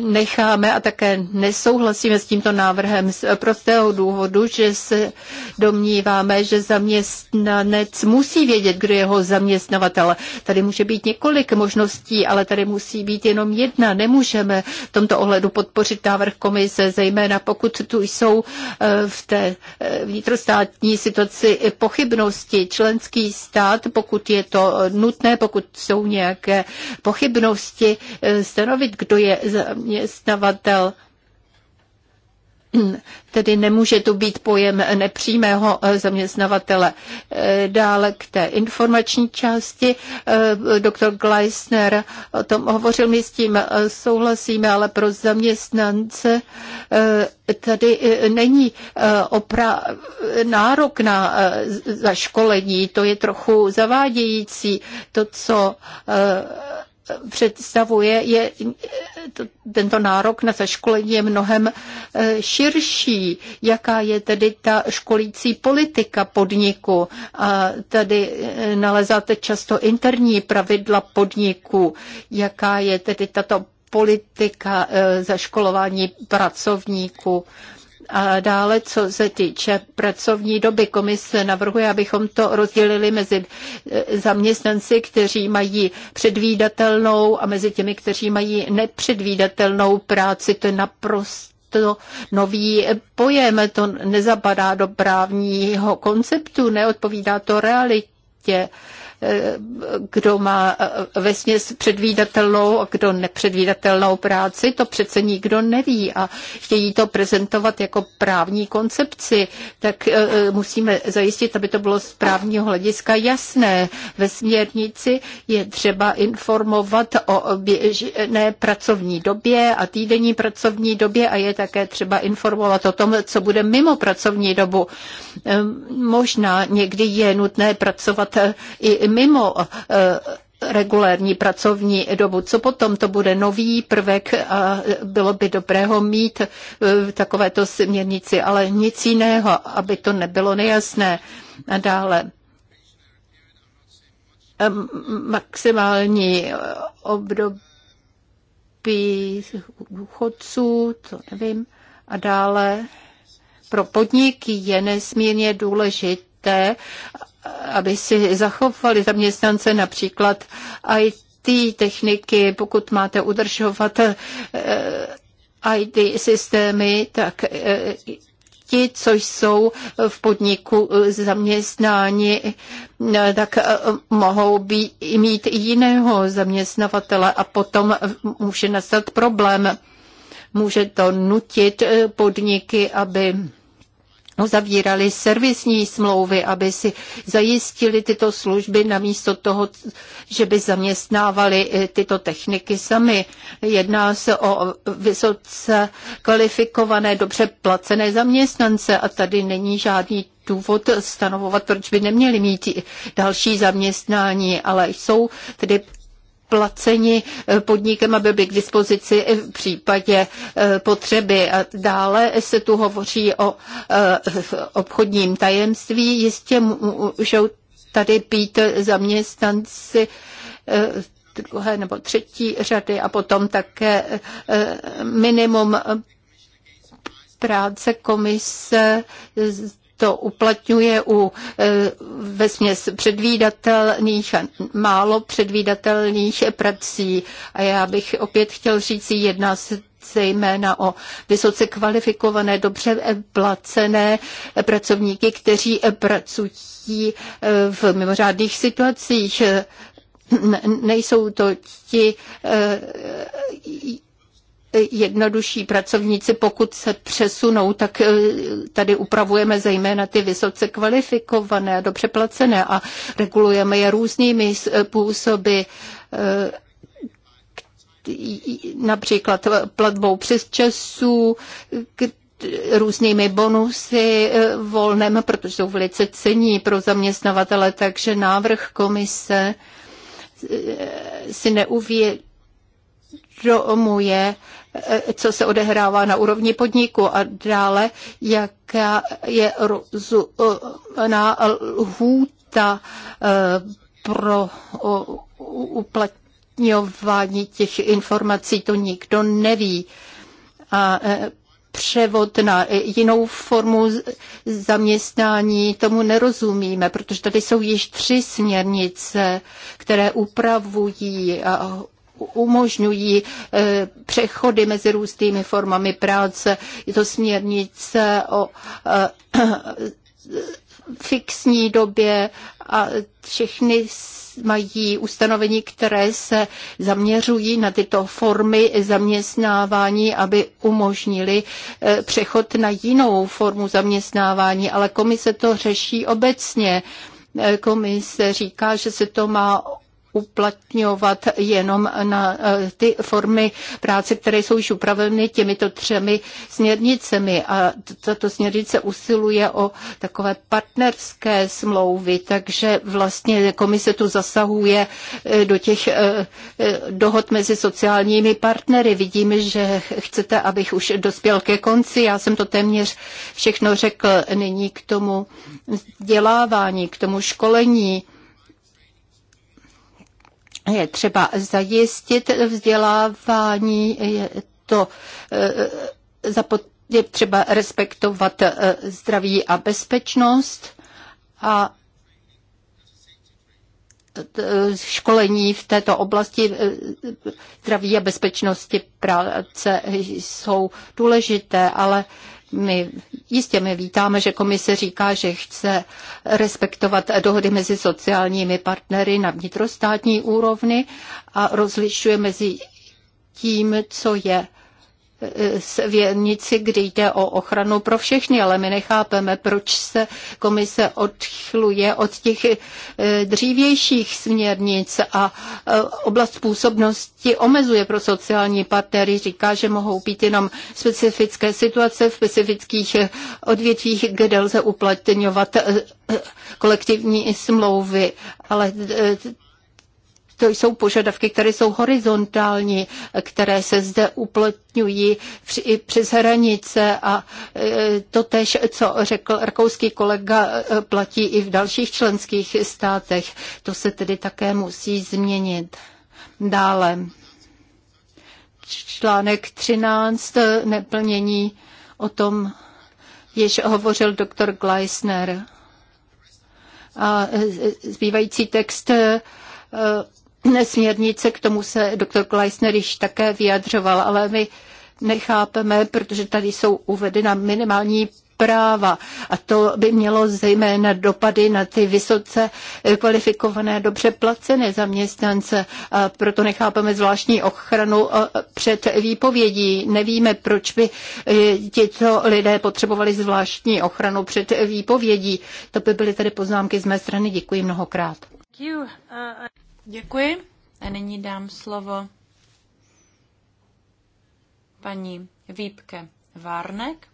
necháme a také nesouhlasíme s tímto návrhem z prostého důvodu, že se domníváme, že zaměstnanec musí vědět, kdo je jeho zaměstnavatel. Tady může být několik možností, ale tady musí být jenom jedna. Nemůžeme v tomto ohledu podpořit návrh komise, zejména pokud tu jsou eh, v té eh, vnitrostátní situaci pochybnosti. Členský stát, pokud je to nutné, pokud jsou nějaké pochybnosti, eh, stanovit, kdo je zaměstnavatel. Tedy nemůže tu být pojem nepřímého eh, zaměstnavatele. Eh, dále k té informační části. Eh, doktor Gleisner o tom hovořil, my s tím souhlasíme, ale pro zaměstnance tady není opra- nárok na zaškolení. To je trochu zavádějící. To, co představuje, je tento nárok na zaškolení je mnohem eh, širší. Jaká je tedy ta školící politika podniku? A tady eh, nalezáte často interní pravidla podniku. Jaká je tedy tato politika eh, zaškolování pracovníků? A dále, co se týče pracovní doby, komise navrhuje, abychom to rozdělili mezi e, zaměstnanci, kteří mají předvídatelnou a mezi těmi, kteří mají nepředvídatelnou práci. To je naprosto to nový pojem, to nezapadá do právního konceptu, neodpovídá to realitě kdo má vesně předvídatelnou a kdo nepředvídatelnou práci, to přece nikdo neví a chtějí to prezentovat jako právní koncepci, tak e, musíme zajistit, aby to bylo z právního hlediska jasné. Ve směrnici je třeba informovat o běžné pracovní době a týdenní pracovní době a je také třeba informovat o tom, co bude mimo pracovní dobu. E, možná někdy je nutné pracovat e, i mimo eh, regulérní pracovní dobu. Co potom to bude nový prvek a bylo by dobré ho mít eh, v takovéto směrnici, ale nic jiného, aby to nebylo nejasné. A dále maximální eh, období důchodců, to nevím, a dále pro podniky je nesmírně důležité, aby si zachovali zaměstnance například IT techniky, pokud máte udržovat eh, IT systémy, tak eh, ti, co jsou v podniku eh, zaměstnáni, tak mohou být, mít jiného zaměstnavatele a potom může nastat problém. Může to nutit podniky, aby uzavírali servisní smlouvy, aby si zajistili tyto služby namísto toho, že by zaměstnávali eh, tyto techniky sami. Jedná se o vysoce kvalifikované, dobře placené zaměstnance a tady není žádný důvod stanovovat, proč by neměli mít další zaměstnání, ale jsou tedy placeni eh, podnikem, aby byli k dispozici v případě eh, potřeby. A dále se tu hovoří o eh, obchodním tajemství. Jistě můžou tady být zaměstnanci druhé nebo třetí řady a potom také minimum práce komise to uplatňuje u e, vesměs předvídatelných a málo předvídatelných prací. A já bych opět chtěl říct, jedná se zejména o vysoce kvalifikované, dobře e, placené e, pracovníky, kteří pracují v mimořádných situacích nejsou to ti jednodušší pracovníci, pokud se přesunou, tak eh, tady upravujeme zejména ty vysoce kvalifikované, dobře placené a regulujeme je různými způsoby eh, eh, například platbou přes časů, různými bonusy volném, protože jsou velice cení pro zaměstnavatele, takže návrh komise si neuvědomuje, Eh, co se odehrává na úrovni podniku a dále, jaká je rozumná lhůta eh, pro uplatňování těch informací, to nikdo neví. A eh, převod na jinou formu zaměstnání, tomu nerozumíme, protože tady jsou již tři směrnice, které upravují umožňují eh, přechody mezi různými formami práce. Je to směrnice o eh, fixní době a všechny mají ustanovení, které se zaměřují na tyto formy zaměstnávání, aby umožnili eh, přechod na jinou formu zaměstnávání, ale komise to řeší obecně. Komise říká, že se to má uplatňovat jenom na eh, ty formy práce, které jsou již upraveny těmito třemi směrnicemi. A tato směrnice usiluje o takové partnerské smlouvy, takže vlastně komise tu zasahuje eh, do těch eh, dohod mezi sociálními partnery. Vidíme, že chcete, abych už dospěl ke konci. Já jsem to téměř všechno řekl nyní k tomu vzdělávání, k tomu školení je třeba zajistit vzdělávání, je to eh, je třeba respektovat eh, zdraví a bezpečnost a eh, školení v této oblasti zdraví a bezpečnosti práce jsou důležité, ale my jistě my vítáme, že komise říká, že chce respektovat dohody mezi sociálními partnery na vnitrostátní úrovni a rozlišuje mezi tím, co je svěrnici, kdy jde o ochranu pro všechny, ale my nechápeme, proč se komise odchyluje od těch eh, dřívějších směrnic a eh, oblast působnosti omezuje pro sociální partnery. Říká, že mohou být jenom specifické situace v specifických eh, odvětvích, kde lze uplatňovat kolektivní smlouvy, ale to jsou požadavky, které jsou horizontální, které se zde uplatňují i přes hranice a e, to tež, co řekl rakouský kolega, e, platí i v dalších členských státech. To se tedy také musí změnit. Dále článek 13, e, neplnění, o tom již hovořil doktor Gleisner. A zbývající text směrnice, k tomu se doktor Kleisner již také vyjadřoval, ale my nechápeme, protože tady jsou uvedena minimální práva a to by mělo zejména dopady na ty vysoce kvalifikované, dobře placené zaměstnance. A proto nechápeme zvláštní ochranu před výpovědí. Nevíme, proč by e, tito lidé potřebovali zvláštní ochranu před výpovědí. To by byly tedy poznámky z mé strany. Děkuji mnohokrát. Děkuji a nyní dám slovo paní Vípke Várnek,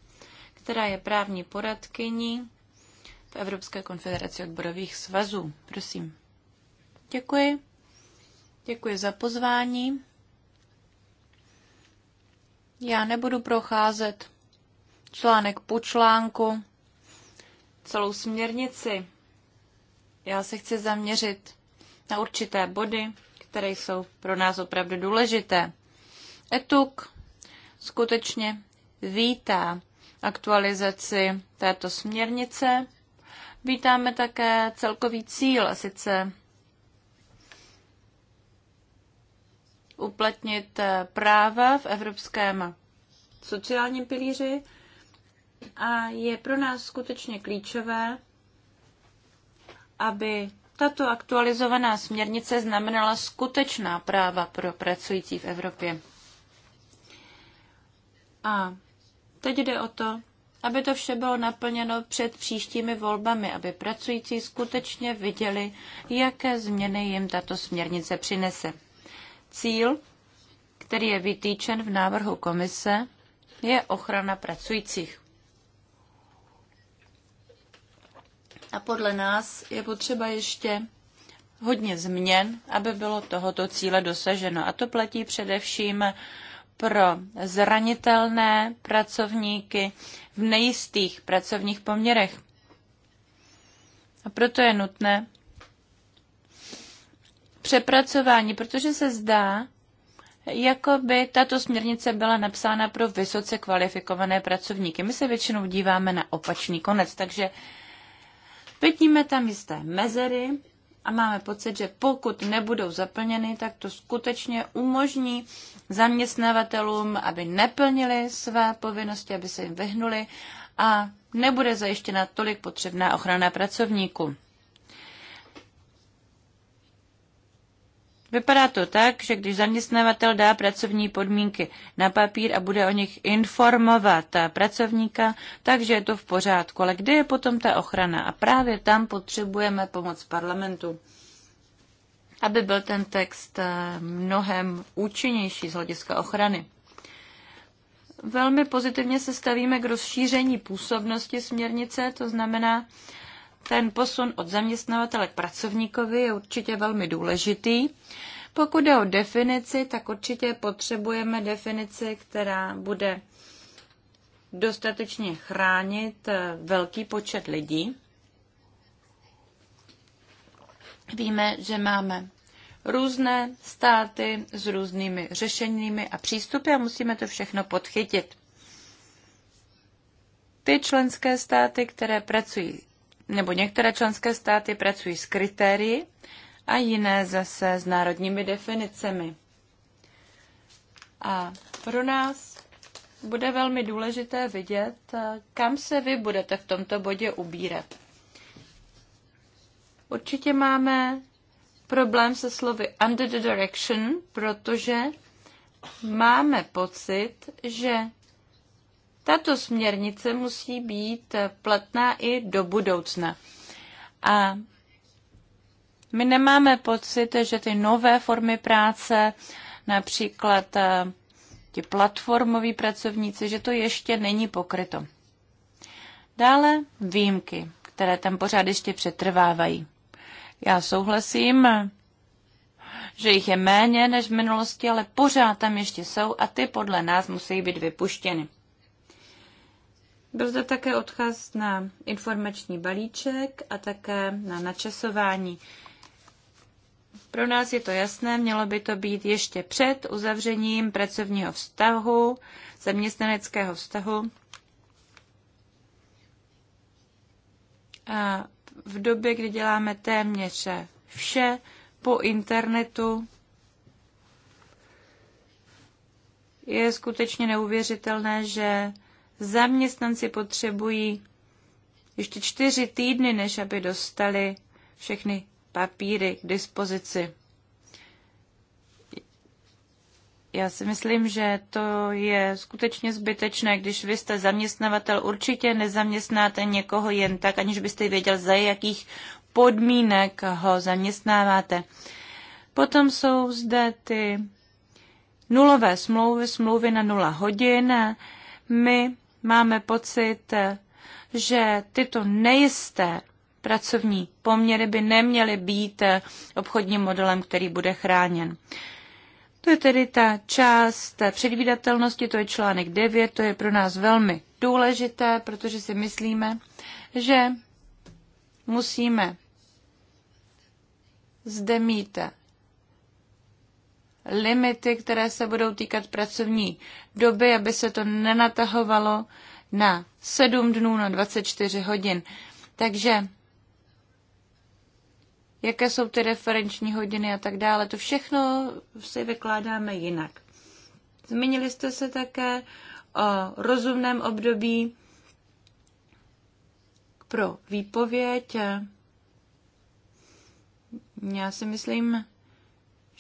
která je právní poradkyní v Evropské konfederaci odborových svazů. Prosím. Děkuji. Děkuji za pozvání. Já nebudu procházet článek po článku celou směrnici. Já se chci zaměřit na určité body, které jsou pro nás opravdu důležité. ETUK skutečně vítá aktualizaci této směrnice. Vítáme také celkový cíl, a sice uplatnit eh, práva v evropském sociálním pilíři a je pro nás skutečně klíčové, aby tato aktualizovaná směrnice znamenala skutečná práva pro pracující v Evropě. A teď jde o to, aby to vše bylo naplněno před příštími volbami, aby pracující skutečně viděli, jaké změny jim tato směrnice přinese. Cíl, který je vytýčen v návrhu komise, je ochrana pracujících. A podle nás je potřeba ještě hodně změn, aby bylo tohoto cíle dosaženo. A to platí především pro zranitelné pracovníky v nejistých pracovních poměrech. A proto je nutné přepracování, protože se zdá, jako by tato směrnice byla napsána pro vysoce kvalifikované pracovníky. My se většinou díváme na opačný konec, takže Vidíme tam jisté mezery a máme pocit, že pokud nebudou zaplněny, tak to skutečně umožní zaměstnavatelům, aby neplnili své povinnosti, aby se jim vyhnuli a nebude zajištěna tolik potřebná ochrana pracovníků. Vypadá to tak, že když zaměstnavatel dá pracovní podmínky na papír a bude o nich informovat pracovníka, takže je to v pořádku. Ale kde je potom ta ochrana? A právě tam potřebujeme pomoc parlamentu, aby byl ten text eh, mnohem účinnější z hlediska ochrany. Velmi pozitivně se stavíme k rozšíření působnosti směrnice, to znamená, ten posun od zaměstnavatele k pracovníkovi je určitě velmi důležitý. Pokud jde o definici, tak určitě potřebujeme definici, která bude dostatečně chránit eh, velký počet lidí. Víme, že máme různé státy s různými řešeními a přístupy a musíme to všechno podchytit. Ty členské státy, které pracují nebo některé členské státy pracují s kritérii a jiné zase s národními definicemi. A pro nás bude velmi důležité vidět, kam se vy budete v tomto bodě ubírat. Určitě máme problém se slovy under the direction, protože máme pocit, že tato směrnice musí být platná i do budoucna. A my nemáme pocit, že ty nové formy práce, například eh, ti platformoví pracovníci, že to ještě není pokryto. Dále výjimky, které tam pořád ještě přetrvávají. Já souhlasím, že jich je méně než v minulosti, ale pořád tam ještě jsou a ty podle nás musí být vypuštěny. Byl zde také odkaz na informační balíček a také na načasování. Pro nás je to jasné, mělo by to být ještě před uzavřením pracovního vztahu, zaměstnaneckého vztahu. A v době, kdy děláme téměř vše po internetu, je skutečně neuvěřitelné, že Zaměstnanci potřebují ještě čtyři týdny, než aby dostali všechny papíry k dispozici. Já si myslím, že to je skutečně zbytečné, když vy jste zaměstnavatel, určitě nezaměstnáte někoho jen tak, aniž byste věděl, za jakých podmínek ho zaměstnáváte. Potom jsou zde ty nulové smlouvy, smlouvy na nula hodin. My máme pocit, že tyto nejisté pracovní poměry by neměly být obchodním modelem, který bude chráněn. To je tedy ta část předvídatelnosti, to je článek 9, to je pro nás velmi důležité, protože si myslíme, že musíme zde mít limity, které se budou týkat pracovní doby, aby se to nenatahovalo na 7 dnů na 24 hodin. Takže jaké jsou ty referenční hodiny a tak dále, to všechno si vykládáme jinak. Zmínili jste se také o rozumném období pro výpověď. Já si myslím,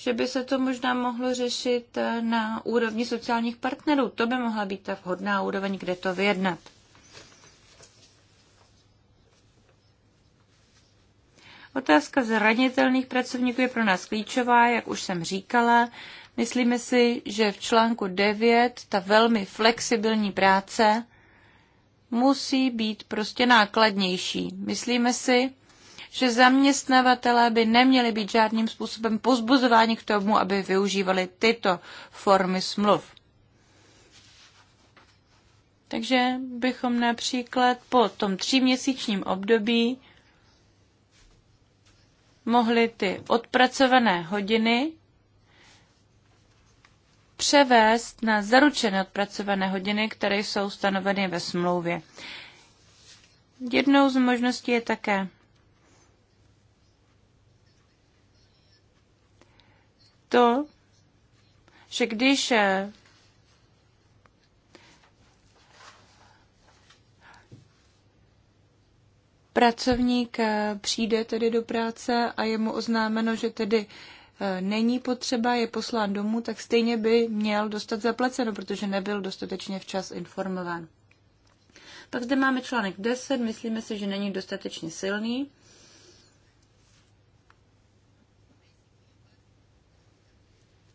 že by se to možná mohlo řešit eh, na úrovni sociálních partnerů. To by mohla být ta vhodná úroveň, kde to vyjednat. Otázka zranitelných pracovníků je pro nás klíčová, jak už jsem říkala. Myslíme si, že v článku 9 ta velmi flexibilní práce musí být prostě nákladnější. Myslíme si, že zaměstnavatelé by neměli být žádným způsobem pozbuzováni k tomu, aby využívali tyto formy smluv. Takže bychom například po tom tříměsíčním období mohli ty odpracované hodiny převést na zaručené odpracované hodiny, které jsou stanoveny ve smlouvě. Jednou z možností je také to, že když eh, pracovník eh, přijde tedy do práce a je mu oznámeno, že tedy eh, není potřeba, je poslán domů, tak stejně by měl dostat zaplaceno, protože nebyl dostatečně včas informován. Pak zde máme článek 10, myslíme si, že není dostatečně silný.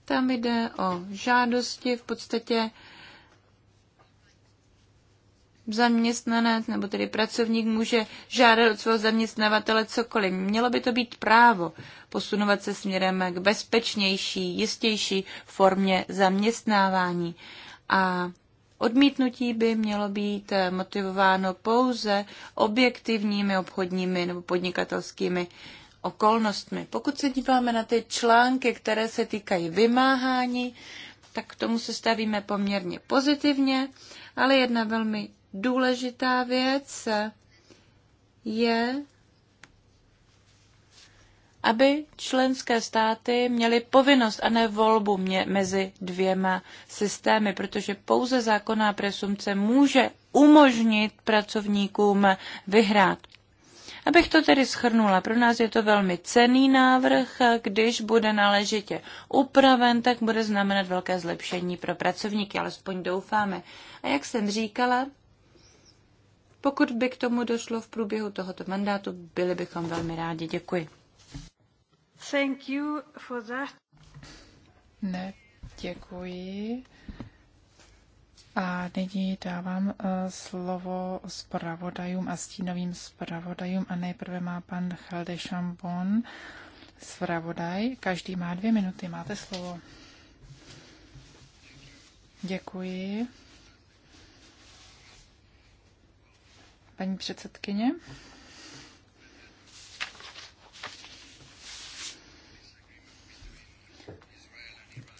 Tam jde o žádosti v podstatě zaměstnanec nebo tedy pracovník může žádat od svého zaměstnavatele cokoliv. Mělo by to být právo posunovat se směrem k bezpečnější, jistější formě zaměstnávání. A odmítnutí by mělo být motivováno pouze objektivními obchodními nebo podnikatelskými okolnostmi. Pokud se díváme na ty články, které se týkají vymáhání, tak k tomu se stavíme poměrně pozitivně, ale jedna velmi důležitá věc je, aby členské státy měly povinnost a ne volbu mě mezi dvěma systémy, protože pouze zákonná presumce může umožnit pracovníkům vyhrát. Abych to tedy schrnula, pro nás je to velmi cený návrh, když bude náležitě upraven, tak bude znamenat velké zlepšení pro pracovníky, alespoň doufáme. A jak jsem říkala, pokud by k tomu došlo v průběhu tohoto mandátu, byli bychom velmi rádi. Děkuji. Thank you for that. Ne, děkuji a nyní dávám eh, slovo zpravodajům a stínovým zpravodajům a nejprve má pan Chalde Šambon zpravodaj. Každý má dvě minuty, máte slovo. Děkuji. Paní předsedkyně.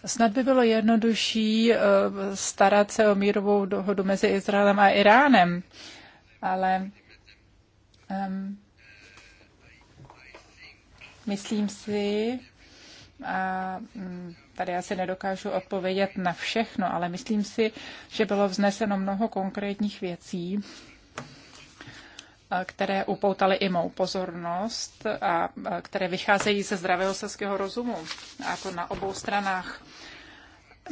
Snad by bylo jednodušší eh, starat se o mírovou dohodu mezi Izraelem a Iránem, ale um, myslím si, a hm, tady asi nedokážu odpovědět na všechno, ale myslím si, že bylo vzneseno mnoho konkrétních věcí, které upoutaly i mou pozornost a které vycházejí ze zdravého selského rozumu, a to na obou stranách.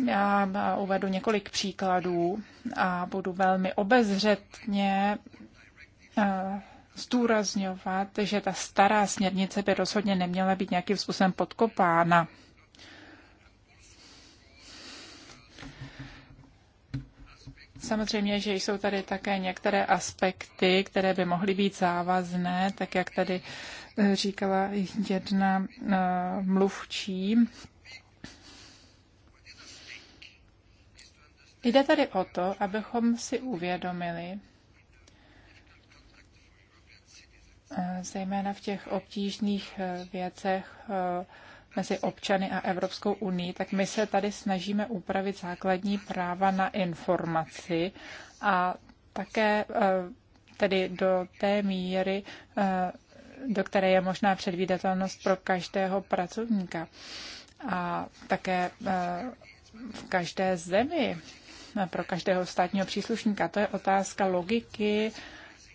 Já uvedu několik příkladů a budu velmi obezřetně zdůrazňovat, že ta stará směrnice by rozhodně neměla být nějakým způsobem podkopána. Samozřejmě, že jsou tady také některé aspekty, které by mohly být závazné, tak jak tady eh, říkala jedna eh, mluvčí. Jde tady o to, abychom si uvědomili, eh, zejména v těch obtížných věcech, mezi občany a Evropskou unii, tak my se tady snažíme upravit základní práva na informaci a také eh, tedy do té míry, eh, do které je možná předvídatelnost pro každého pracovníka a také eh, v každé zemi pro každého státního příslušníka. To je otázka logiky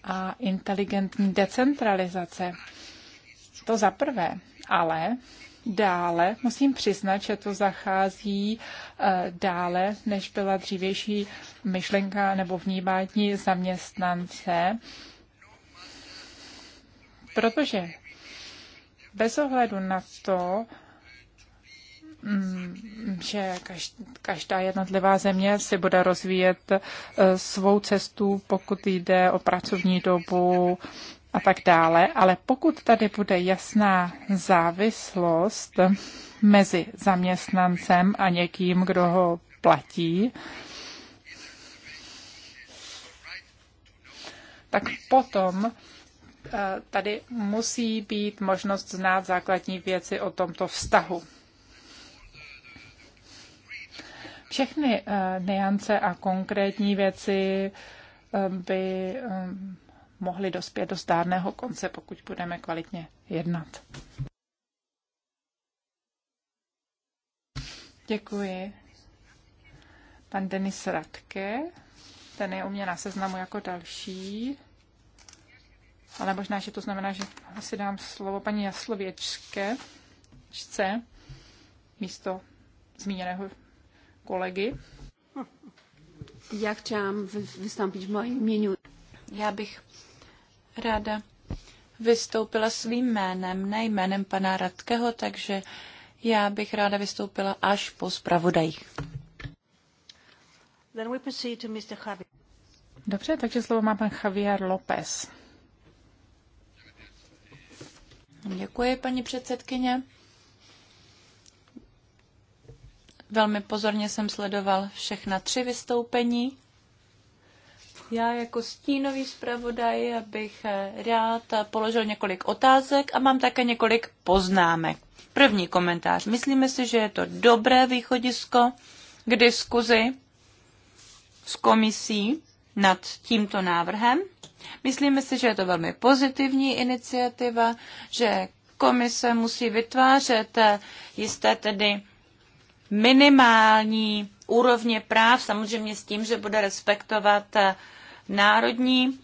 a inteligentní decentralizace. To za prvé, ale dále. Musím přiznat, že to zachází eh, dále, než byla dřívější myšlenka nebo vnímání zaměstnance, protože bez ohledu na to, mm, že každá jednotlivá země si bude rozvíjet eh, svou cestu, pokud jde o pracovní dobu, a tak dále, ale pokud tady bude jasná závislost mezi zaměstnancem a někým, kdo ho platí, tak potom eh, tady musí být možnost znát základní věci o tomto vztahu. Všechny uh, niance a konkrétní věci eh, by mohli dospět do zdárného konce, pokud budeme kvalitně jednat. Děkuji. Pan Denis Radke, ten je u mě na seznamu jako další. Ale možná, že to znamená, že asi dám slovo paní Jaslověčské, čce, místo zmíněného kolegy. Já chtěl vystoupit v mém jménu. Já bych ráda vystoupila svým jménem, ne jménem pana Radkeho, takže já bych ráda vystoupila až po zpravodajích. Dobře, takže slovo má pan Javier López. Děkuji, paní předsedkyně. Velmi pozorně jsem sledoval všechna tři vystoupení já jako stínový zpravodaj bych rád položil několik otázek a mám také několik poznámek. První komentář. Myslíme si, že je to dobré východisko k diskuzi s komisí nad tímto návrhem. Myslíme si, že je to velmi pozitivní iniciativa, že komise musí vytvářet jisté tedy minimální úrovně práv, samozřejmě s tím, že bude respektovat národní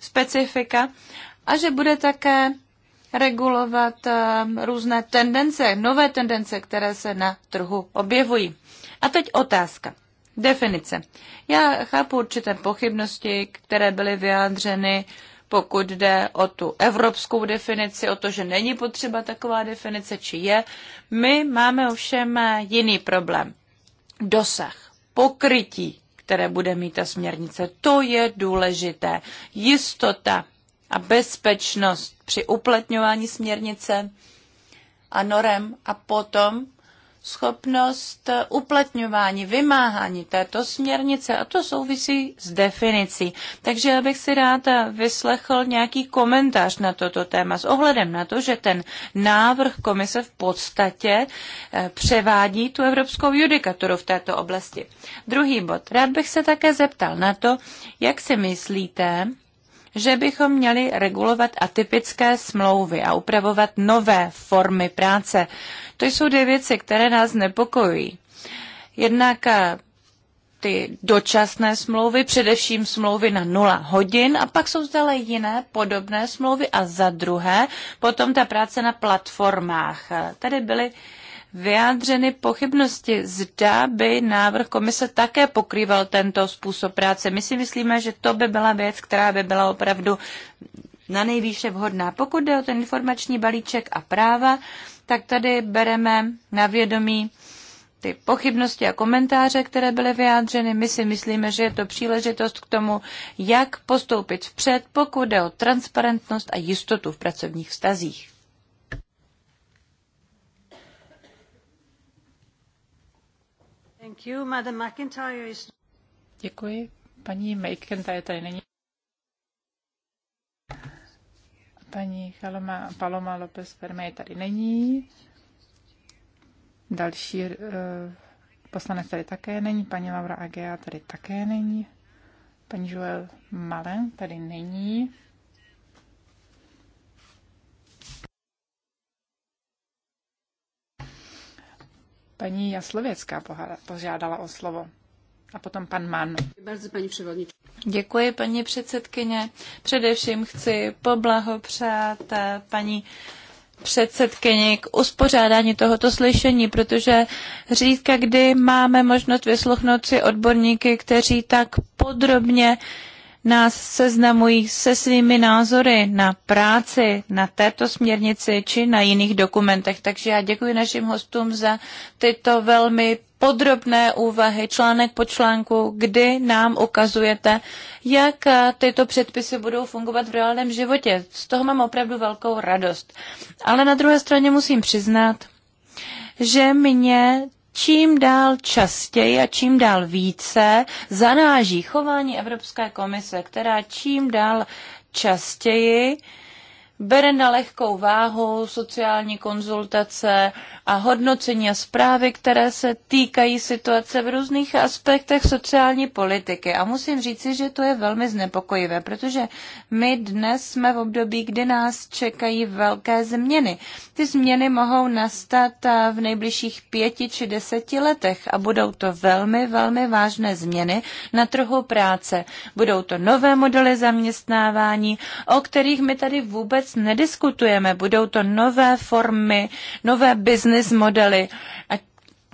specifika a že bude také regulovat eh, různé tendence, nové tendence, které se na trhu objevují. A teď otázka. Definice. Já chápu určité pochybnosti, které byly vyjádřeny, pokud jde o tu evropskou definici, o to, že není potřeba taková definice, či je. My máme ovšem eh, jiný problém. Dosah, pokrytí které bude mít ta směrnice. To je důležité. Jistota a bezpečnost při uplatňování směrnice a norem a potom schopnost uplatňování, vymáhání této směrnice a to souvisí s definicí. Takže já bych si rád vyslechl nějaký komentář na toto téma s ohledem na to, že ten návrh komise v podstatě eh, převádí tu evropskou judikaturu v této oblasti. Druhý bod. Rád bych se také zeptal na to, jak si myslíte, že bychom měli regulovat atypické smlouvy a upravovat nové formy práce. To jsou dvě věci, které nás nepokojí. Jednak eh, ty dočasné smlouvy, především smlouvy na nula hodin a pak jsou zde jiné podobné smlouvy a za druhé potom ta práce na platformách. Tady byly vyjádřeny pochybnosti, zda by návrh komise také pokrýval tento způsob práce. My si myslíme, že to by byla věc, která by byla opravdu na nejvýše vhodná. Pokud jde o ten informační balíček a práva, tak tady bereme na vědomí ty pochybnosti a komentáře, které byly vyjádřeny. My si myslíme, že je to příležitost k tomu, jak postoupit vpřed, pokud jde o transparentnost a jistotu v pracovních vztazích. Děkuji. Paní McIntyre tady není. Paní Chaloma, Paloma López ferme tady není. Další uh, poslanec tady také není. Paní Laura Agea tady také není. Paní Joel Malen tady není. Paní Jaslověcká požádala o slovo. A potom pan Mann. Děkuji, paní předsedkyně. Především chci poblahopřát eh, paní předsedkyni k uspořádání tohoto slyšení, protože řídka kdy máme možnost vyslechnout si odborníky, kteří tak podrobně nás seznamují se svými názory na práci, na této směrnici či na jiných dokumentech. Takže já děkuji našim hostům za tyto velmi podrobné úvahy článek po článku, kdy nám ukazujete, jak tyto předpisy budou fungovat v reálném životě. Z toho mám opravdu velkou radost. Ale na druhé straně musím přiznat, že mě čím dál častěji a čím dál více zanáží chování Evropské komise, která čím dál častěji uh, bere na lehkou váhu sociální konzultace a hodnocení a zprávy, které se týkají situace v různých aspektech sociální politiky. A musím říci, že to je velmi znepokojivé, protože my dnes jsme v období, kdy nás čekají velké změny. Ty změny mohou nastat v nejbližších pěti či deseti letech a budou to velmi, velmi vážné změny na trhu práce. Budou to nové modely zaměstnávání, o kterých my tady vůbec vůbec nediskutujeme. Budou to nové formy, nové business modely. A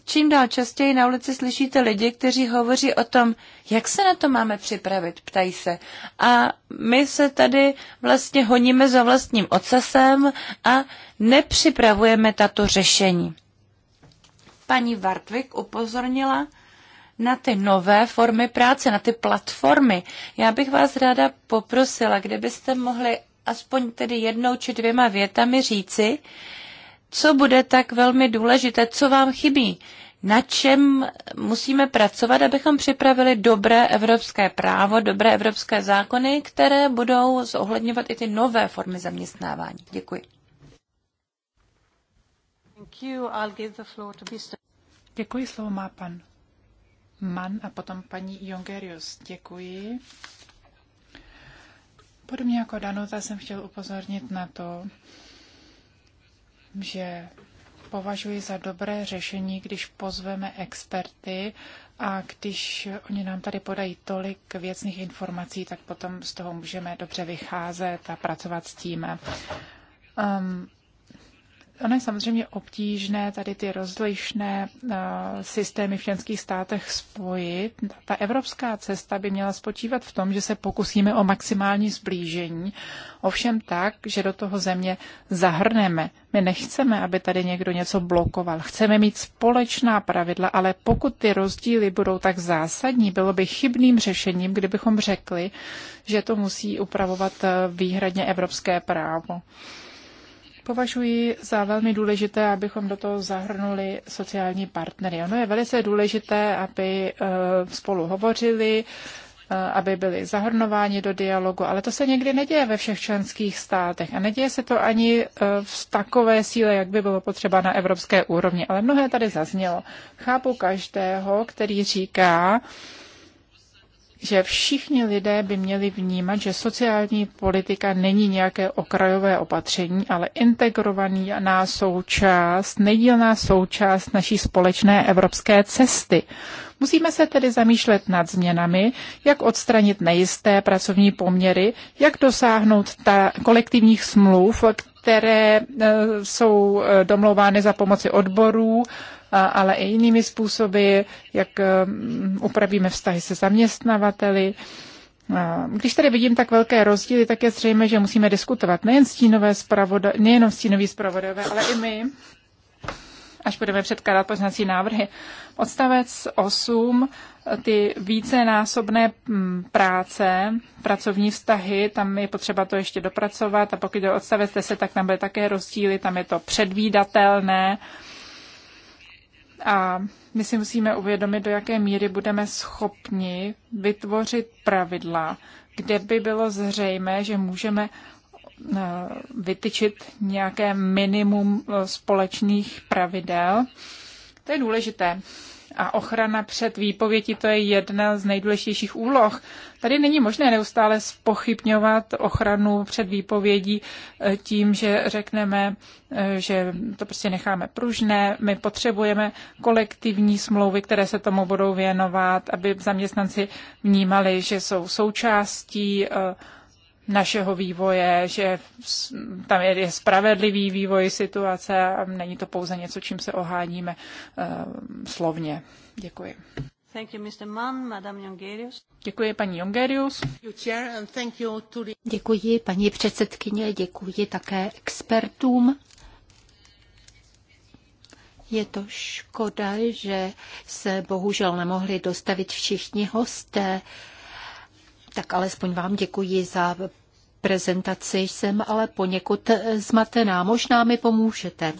čím dál častěji na ulici slyšíte lidi, kteří hovoří o tom, jak se na to máme připravit, ptají se. A my se tady vlastně honíme za vlastním ocasem a nepřipravujeme tato řešení. Paní Vartvik upozornila na ty nové formy práce, na ty platformy. Já bych vás ráda poprosila, kdybyste mohli aspoň tedy jednou či dvěma větami říci, co bude tak velmi důležité, co vám chybí, na čem musíme pracovat, abychom připravili dobré evropské právo, dobré evropské zákony, které budou zohledňovat i ty nové formy zaměstnávání. Děkuji. Děkuji, slovo má pan Mann a potom paní Jongerius. Děkuji. Podobně jako Danuta jsem chtěl upozornit na to, že považuji za dobré řešení, když pozveme experty a když oni nám tady podají tolik věcných informací, tak potom z toho můžeme dobře vycházet a pracovat s tím. Um, Ono je samozřejmě obtížné tady ty rozlišné eh, systémy v členských státech spojit. Ta evropská cesta by měla spočívat v tom, že se pokusíme o maximální zblížení, ovšem tak, že do toho země zahrneme. My nechceme, aby tady někdo něco blokoval. Chceme mít společná pravidla, ale pokud ty rozdíly budou tak zásadní, bylo by chybným řešením, kdybychom řekli, že to musí upravovat eh, výhradně evropské právo. Považuji za velmi důležité, abychom do toho zahrnuli sociální partnery. Ono je velice důležité, aby eh, spolu hovořili, eh, aby byli zahrnováni do dialogu, ale to se někdy neděje ve všech členských státech a neděje se to ani eh, v takové síle, jak by bylo potřeba na evropské úrovni, ale mnohé tady zaznělo. Chápu každého, který říká, že všichni lidé by měli vnímat, že sociální politika není nějaké okrajové opatření, ale na součást, nedílná součást naší společné evropské cesty. Musíme se tedy zamýšlet nad změnami, jak odstranit nejisté pracovní poměry, jak dosáhnout ta kolektivních smluv, které e, jsou e, domlouvány za pomoci odborů, ale i jinými způsoby, jak e, upravíme vztahy se zaměstnavateli. Když tady vidím tak velké rozdíly, tak je zřejmé, že musíme diskutovat nejen stínové zpravoda, nejenom stínoví zpravodajové, ale i my, až budeme předkládat poznací návrhy. Odstavec 8 ty vícenásobné mm, práce, pracovní vztahy, tam je potřeba to ještě dopracovat a pokud je odstavec 10, tak tam bude také rozdíly, tam je to předvídatelné a my si musíme uvědomit, do jaké míry budeme schopni vytvořit pravidla, kde by bylo zřejmé, že můžeme eh, vytyčit nějaké minimum eh, společných pravidel. To je důležité a ochrana před výpovědí, to je jedna z nejdůležitějších úloh. Tady není možné neustále spochybňovat ochranu před výpovědí eh, tím, že řekneme, eh, že to prostě necháme pružné. My potřebujeme kolektivní smlouvy, které se tomu budou věnovat, aby zaměstnanci vnímali, že jsou součástí eh, našeho vývoje, že tam je spravedlivý vývoj situace a není to pouze něco, čím se oháníme eh, slovně. Děkuji. Thank you, Mr. Mann, Madame Jongerius. Děkuji paní Jongerius. Děkuji paní předsedkyně, děkuji také expertům. Je to škoda, že se bohužel nemohli dostavit všichni hosté. Tak alespoň vám děkuji za prezentaci jsem ale poněkud zmatená. Možná mi pomůžete.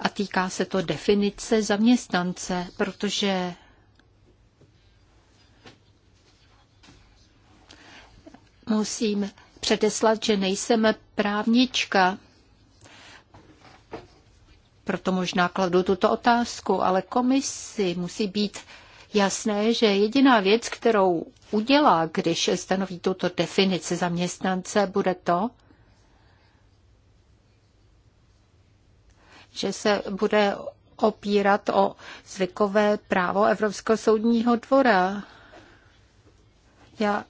A týká se to definice zaměstnance, protože musím předeslat, že nejsem právnička. Proto možná kladu tuto otázku, ale komisi musí být jasné, že jediná věc, kterou udělá, když stanoví tuto definici zaměstnance, bude to, že se bude opírat o zvykové právo Evropského soudního dvora. Já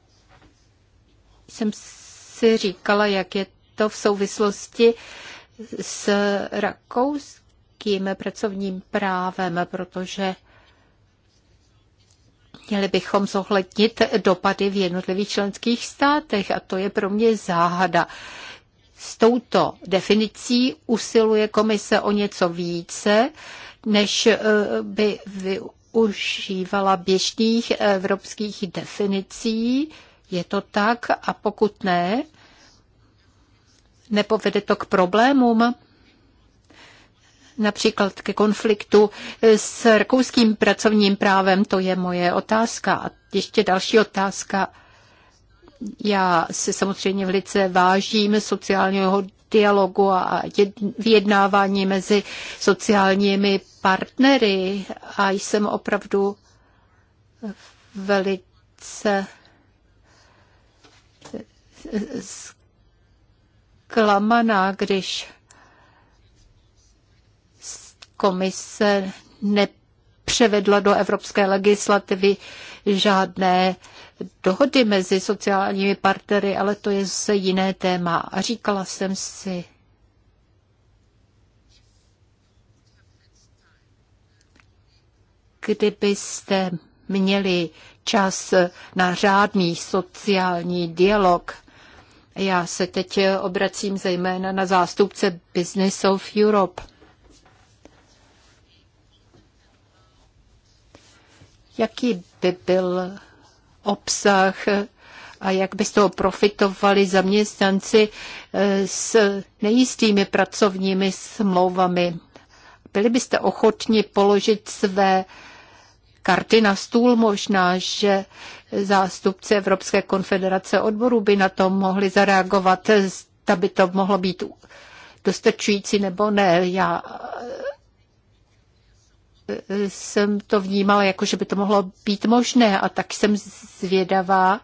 jsem si říkala, jak je to v souvislosti s rakouským pracovním právem, protože Měli bychom zohlednit dopady v jednotlivých členských státech a to je pro mě záhada. S touto definicí usiluje komise o něco více, než eh, by využívala běžných evropských definicí. Je to tak a pokud ne, nepovede to k problémům? například ke konfliktu eh, s rakouským pracovním právem? To je moje otázka. A ještě další otázka. Já se samozřejmě velice vážím sociálního dialogu a vyjednávání mezi sociálními partnery a jsem opravdu velice zklamaná, když komise nepřevedla do evropské legislativy žádné dohody mezi sociálními partnery, ale to je zase jiné téma. A říkala jsem si, kdybyste měli čas na řádný sociální dialog. Já se teď obracím zejména na zástupce Business of Europe. Jaký by byl obsah a jak by z toho profitovali zaměstnanci eh, s nejistými pracovními smlouvami? Byli byste ochotni položit své karty na stůl možná, že zástupci Evropské konfederace odborů by na to mohli zareagovat, aby to mohlo být dostačující nebo ne. Já jsem to vnímala jako, že by to mohlo být možné a tak jsem zvědavá,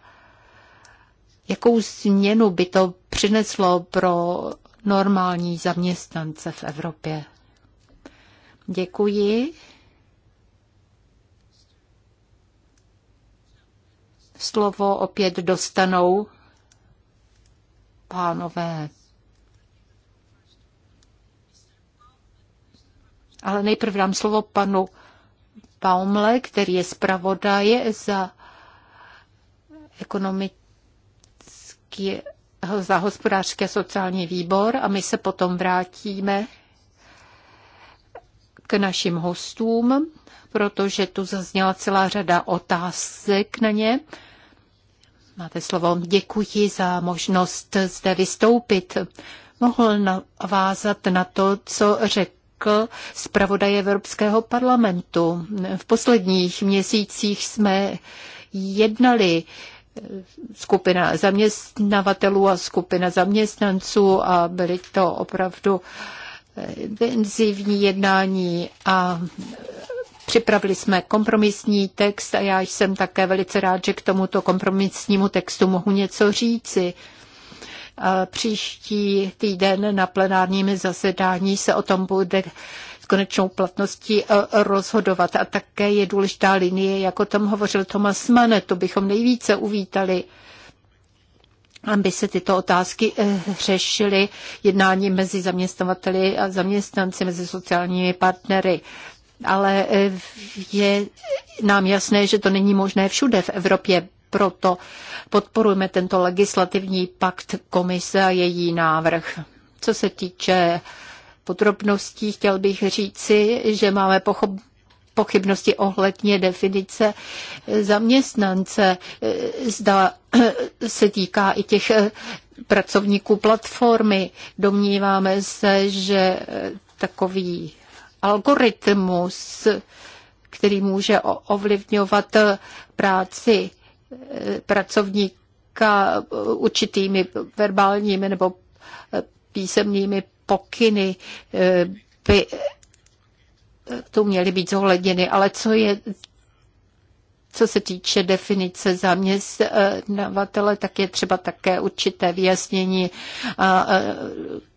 jakou změnu by to přineslo pro normální zaměstnance v Evropě. Děkuji. Slovo opět dostanou pánové Ale nejprve dám slovo panu Baumle, který je zpravodaj za ekonomický za hospodářské sociální výbor a my se potom vrátíme k našim hostům, protože tu zazněla celá řada otázek na ně. Máte slovo. Děkuji za možnost zde vystoupit. Mohl navázat na to, co řekl řekl zpravodaj Evropského parlamentu. V posledních měsících jsme jednali eh, skupina zaměstnavatelů a skupina zaměstnanců a byly to opravdu eh, intenzivní jednání a Připravili jsme kompromisní text a já jsem také velice rád, že k tomuto kompromisnímu textu mohu něco říci. Příští týden na plenárním zasedání se o tom bude s konečnou platností e, rozhodovat. A také je důležitá linie, jak o tom hovořil Thomas Mann, to bychom nejvíce uvítali aby se tyto otázky e, řešily jednání mezi zaměstnavateli a zaměstnanci, mezi sociálními partnery. Ale e, je nám jasné, že to není možné všude v Evropě proto podporujeme tento legislativní pakt komise a její návrh. Co se týče podrobností, chtěl bych říci, že máme pochop pochybnosti ohledně definice zaměstnance. Zda se týká i těch pracovníků platformy. Domníváme se, že takový algoritmus, který může ovlivňovat práci pracovníka určitými verbálními nebo eh, písemnými pokyny eh, by tu měly být zohledněny. Ale co je co se týče definice zaměstnavatele, tak je třeba také určité vyjasnění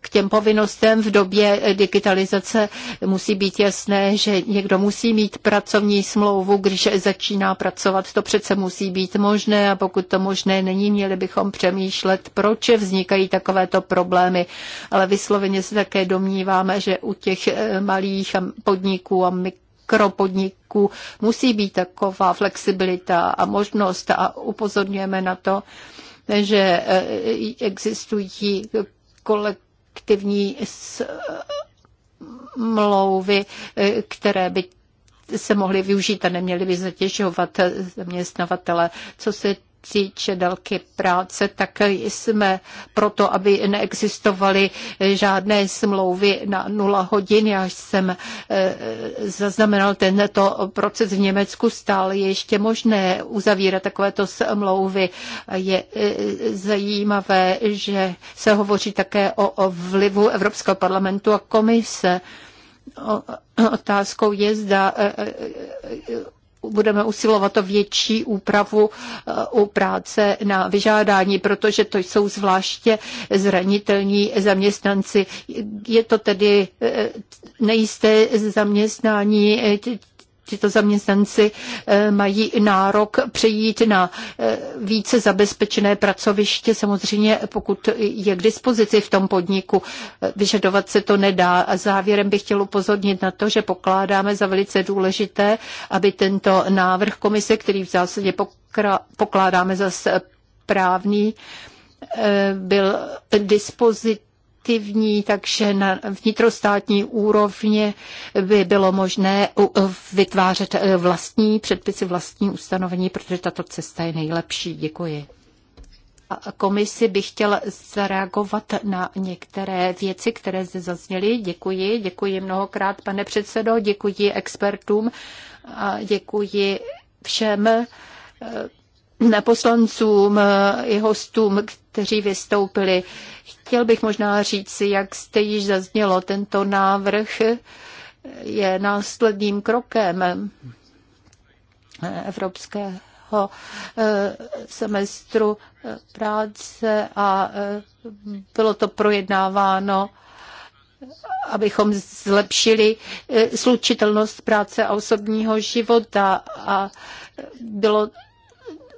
k těm povinnostem v době digitalizace musí být jasné, že někdo musí mít pracovní smlouvu, když začíná pracovat. To přece musí být možné a pokud to možné není, měli bychom přemýšlet, proč vznikají takovéto problémy. Ale vysloveně se také domníváme, že u těch e, malých podniků a mikro mikropodniků musí být taková flexibilita a možnost a upozorňujeme na to, že eh, existují kolektivní smlouvy, eh, které by se mohly využít a neměly by zatěžovat eh, zaměstnavatele. Co se týče délky práce, tak jsme proto, aby neexistovaly žádné smlouvy na nula hodin. Já jsem eh, zaznamenal tento proces v Německu stále je ještě možné uzavírat takovéto smlouvy. Je eh, zajímavé, že se hovoří také o vlivu Evropského parlamentu a komise otázkou je, zda eh, budeme usilovat o větší úpravu eh, u práce na vyžádání, protože to jsou zvláště zranitelní zaměstnanci. Je to tedy eh, nejisté zaměstnání, eh, tito zaměstnanci eh, mají nárok přejít na eh, více zabezpečené pracoviště, samozřejmě pokud je k dispozici v tom podniku. Eh, vyžadovat se to nedá. A závěrem bych chtěl upozornit na to, že pokládáme za velice důležité, aby tento návrh komise, který v zásadě pokládáme za správný, byl dispozit aktivní, takže na vnitrostátní úrovni by bylo možné vytvářet eh, vlastní předpisy, vlastní ustanovení, protože tato cesta je nejlepší. Děkuji. A komisi bych chtěl zareagovat na některé věci, které zde zazněly. Děkuji, děkuji mnohokrát, pane předsedo, děkuji expertům a děkuji všem eh, poslancům i hostům, kteří vystoupili. Chtěl bych možná říct si, jak jste již zaznělo, tento návrh je následným krokem evropského eh, semestru eh, práce a eh, bylo to projednáváno abychom zlepšili slučitelnost práce a osobního života a bylo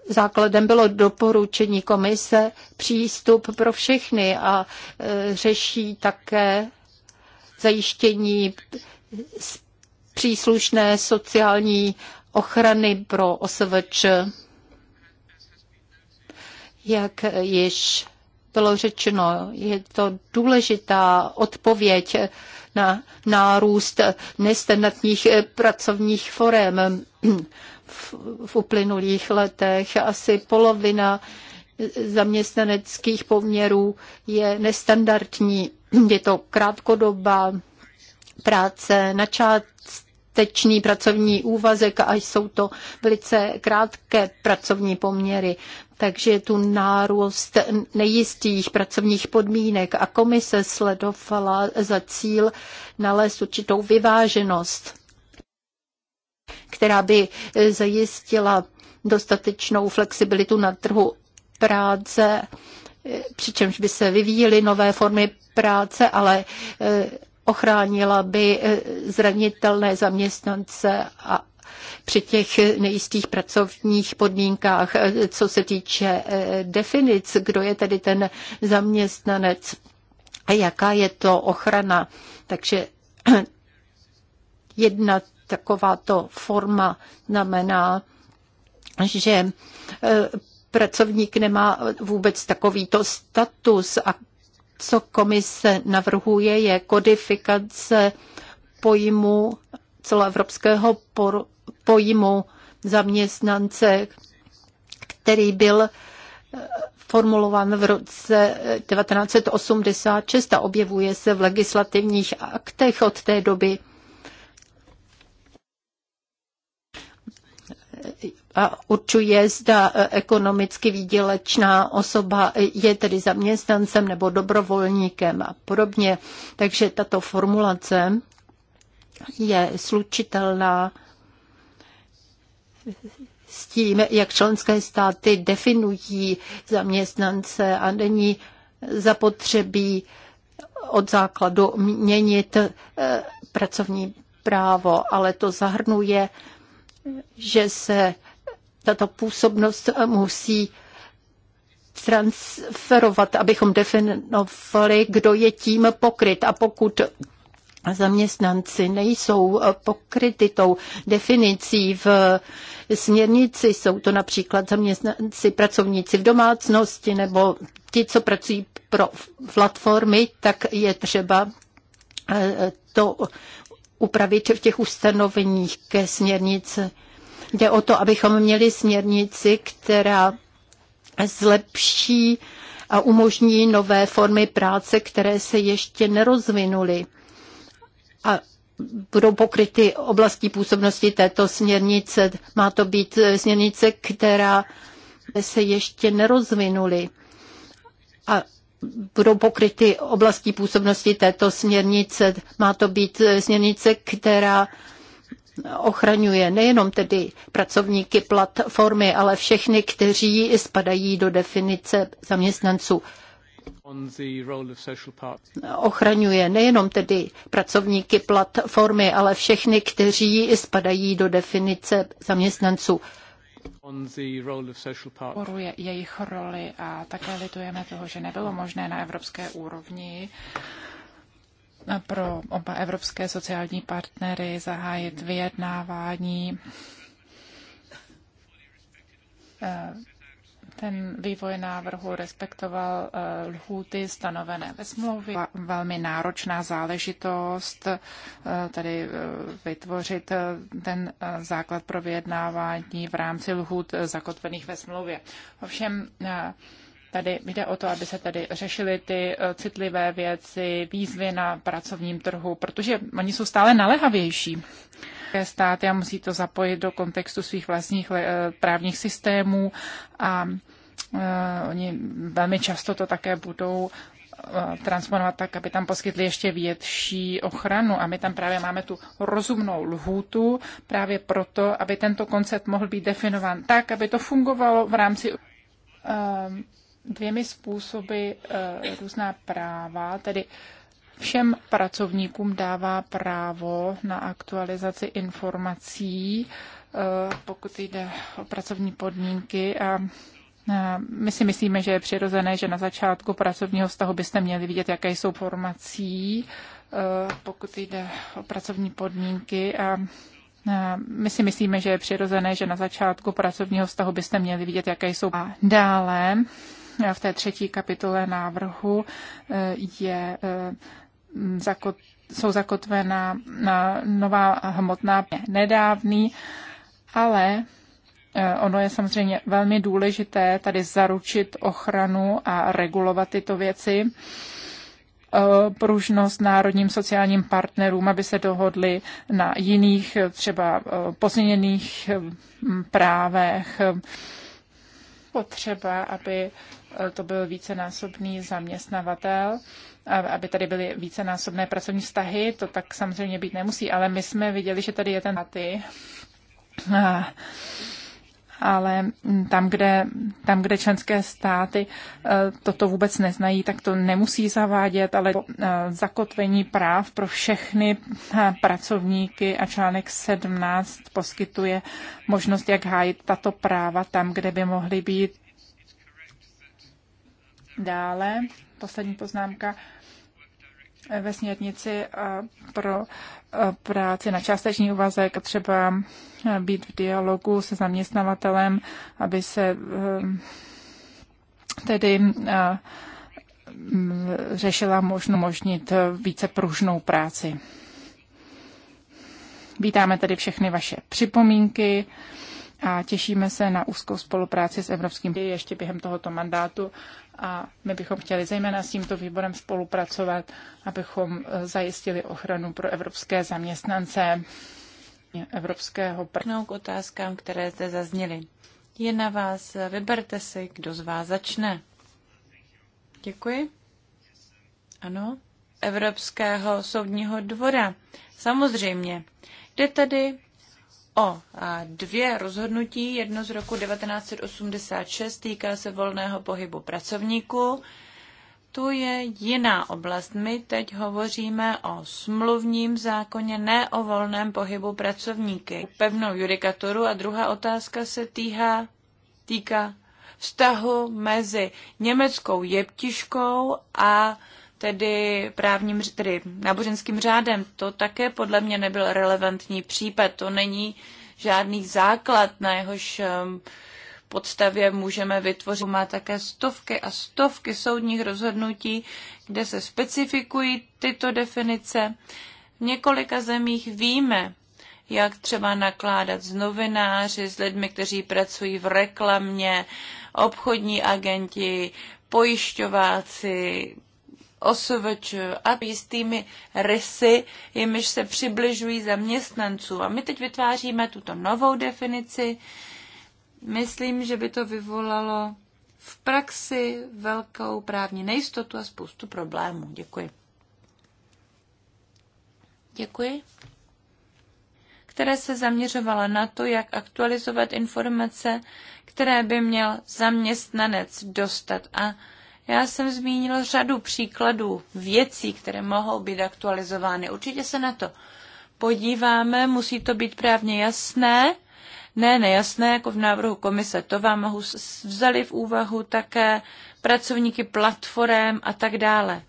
základem bylo doporučení komise přístup pro všechny a e, řeší také zajištění příslušné sociální ochrany pro OSVČ. Jak již bylo řečeno, je to důležitá odpověď na nárůst nestandardních eh, pracovních forem v uplynulých letech. Asi polovina zaměstnaneckých poměrů je nestandardní. Je to krátkodoba práce načátečný pracovní úvazek a jsou to velice krátké pracovní poměry takže tu nárůst nejistých pracovních podmínek a komise sledovala za cíl nalézt určitou vyváženost, která by zajistila dostatečnou flexibilitu na trhu práce, přičemž by se vyvíjely nové formy práce, ale eh, ochránila by eh, zranitelné zaměstnance a při těch nejistých pracovních podmínkách, eh, co se týče eh, definic, kdo je tedy ten zaměstnanec a jaká je to ochrana. Takže *clears throat* jedna takováto forma znamená, že eh, pracovník nemá vůbec takovýto status a co komise navrhuje, je kodifikace pojmu celoevropského por- pojmu zaměstnance, který byl eh, formulován v roce 1986 eh, a objevuje se v legislativních aktech od té doby. A určuje, zda eh, ekonomicky výdělečná osoba je tedy zaměstnancem nebo dobrovolníkem a podobně. Takže tato formulace je slučitelná s tím, jak členské státy definují zaměstnance a není zapotřebí od základu měnit eh, pracovní právo, ale to zahrnuje, že se tato působnost musí transferovat, abychom definovali, kdo je tím pokryt. A pokud zaměstnanci nejsou eh, pokryty tou definicí v eh, směrnici. Jsou to například zaměstnanci, pracovníci v domácnosti nebo ti, co pracují pro platformy, tak je třeba eh, to upravit v těch ustanoveních ke směrnici. Jde o to, abychom měli směrnici, která zlepší a umožní nové formy práce, které se ještě nerozvinuly a budou pokryty oblasti působnosti této směrnice. Má to být eh, směrnice, která se ještě nerozvinuly a budou pokryty oblasti působnosti této směrnice. Má to být eh, směrnice, která ochraňuje nejenom tedy pracovníky platformy, ale všechny, kteří spadají do definice zaměstnanců. Ochraňuje nejenom tedy pracovníky platformy, ale všechny, kteří spadají do definice zaměstnanců Poruje jejich roli a také litujeme toho, že nebylo možné na evropské úrovni pro oba evropské sociální partnery zahájit vyjednávání eh, ten vývoj návrhu respektoval eh, lhůty stanovené ve smlouvě. Velmi náročná záležitost eh, tady eh, vytvořit ten základ pro vyjednávání v rámci lhůt zakotvených ve smlouvě. Ovšem Tady jde o to, aby se tady řešily ty eh, citlivé věci, výzvy na pracovním trhu, protože oni jsou stále naléhavější. Státy a musí to zapojit do kontextu svých vlastních eh, právních systémů a eh, oni velmi často to také budou transponovat tak, aby tam poskytli ještě větší ochranu. A my tam právě máme tu rozumnou lhůtu právě proto, aby tento koncept mohl být definován tak, aby to fungovalo v rámci dvěmi způsoby eh, různá práva, tedy všem pracovníkům dává právo na aktualizaci informací, eh, pokud jde o pracovní podmínky a eh, my si myslíme, že je přirozené, že na začátku pracovního vztahu byste měli vidět, jaké jsou formací, pokud jde o pracovní podmínky a my si myslíme, že je přirozené, že na začátku pracovního vztahu byste měli vidět, jaké jsou. A dále v té třetí kapitole návrhu eh, je eh, jsou zakotvena eh, nová hmotná nedávný, ale Ono je samozřejmě velmi důležité tady zaručit ochranu a regulovat tyto věci, pružnost národním sociálním partnerům, aby se dohodli na jiných třeba pozměněných právech, potřeba, aby to byl vícenásobný zaměstnavatel, aby tady byly vícenásobné pracovní vztahy, to tak samozřejmě být nemusí, ale my jsme viděli, že tady je ten ty. Ale tam kde, tam, kde členské státy e, toto vůbec neznají, tak to nemusí zavádět, ale e, zakotvení práv pro všechny e, pracovníky a článek 17 poskytuje možnost, jak hájit tato práva tam, kde by mohly být Dále, poslední poznámka, ve směrnici eh, pro eh, práci na částečný úvazek třeba eh, být v dialogu se zaměstnavatelem, aby se tedy řešila možno možnit více pružnou práci. Vítáme tedy všechny vaše připomínky a těšíme se na úzkou spolupráci s Evropským ještě během tohoto mandátu a my bychom chtěli zejména s tímto výborem spolupracovat, abychom e, zajistili ochranu pro evropské zaměstnance evropského prknou k otázkám, které zde zazněly. Je na vás, vyberte si, kdo z vás začne. Děkuji. Ano. Evropského soudního dvora. Samozřejmě. Jde tady o dvě rozhodnutí. Jedno z roku 1986 týká se volného pohybu pracovníků. Tu je jiná oblast. My teď hovoříme o smluvním zákoně, ne o volném pohybu pracovníky. Pevnou judikaturu a druhá otázka se týká, týká vztahu mezi německou jeptiškou a tedy právním, tedy náboženským řádem. To také podle mě nebyl relevantní případ. To není žádný základ, na jehož um, podstavě můžeme vytvořit. Má také stovky a stovky soudních rozhodnutí, kde se specifikují tyto definice. V několika zemích víme, jak třeba nakládat s novináři, s lidmi, kteří pracují v reklamě, obchodní agenti, pojišťováci, OSVČ a jistými rysy, jimiž se přibližují zaměstnanců. A my teď vytváříme tuto novou definici. Myslím, že by to vyvolalo v praxi velkou právní nejistotu a spoustu problémů. Děkuji. Děkuji. Které se zaměřovala na to, jak aktualizovat informace, které by měl zaměstnanec dostat a já jsem zmínila řadu příkladů věcí, které mohou být aktualizovány. Určitě se na to podíváme, musí to být právně jasné, ne nejasné, jako v návrhu komise. To vám mohu vzali v úvahu také pracovníky platform a tak dále.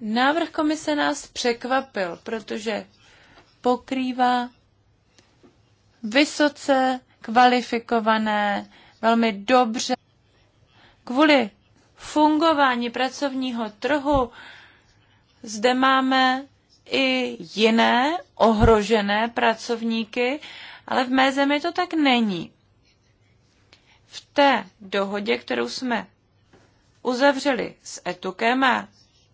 Návrh komise nás překvapil, protože pokrývá vysoce kvalifikované, velmi dobře. Kvůli fungování pracovního trhu zde máme i jiné ohrožené pracovníky, ale v mé zemi to tak není. V té dohodě, kterou jsme uzavřeli s Etukem a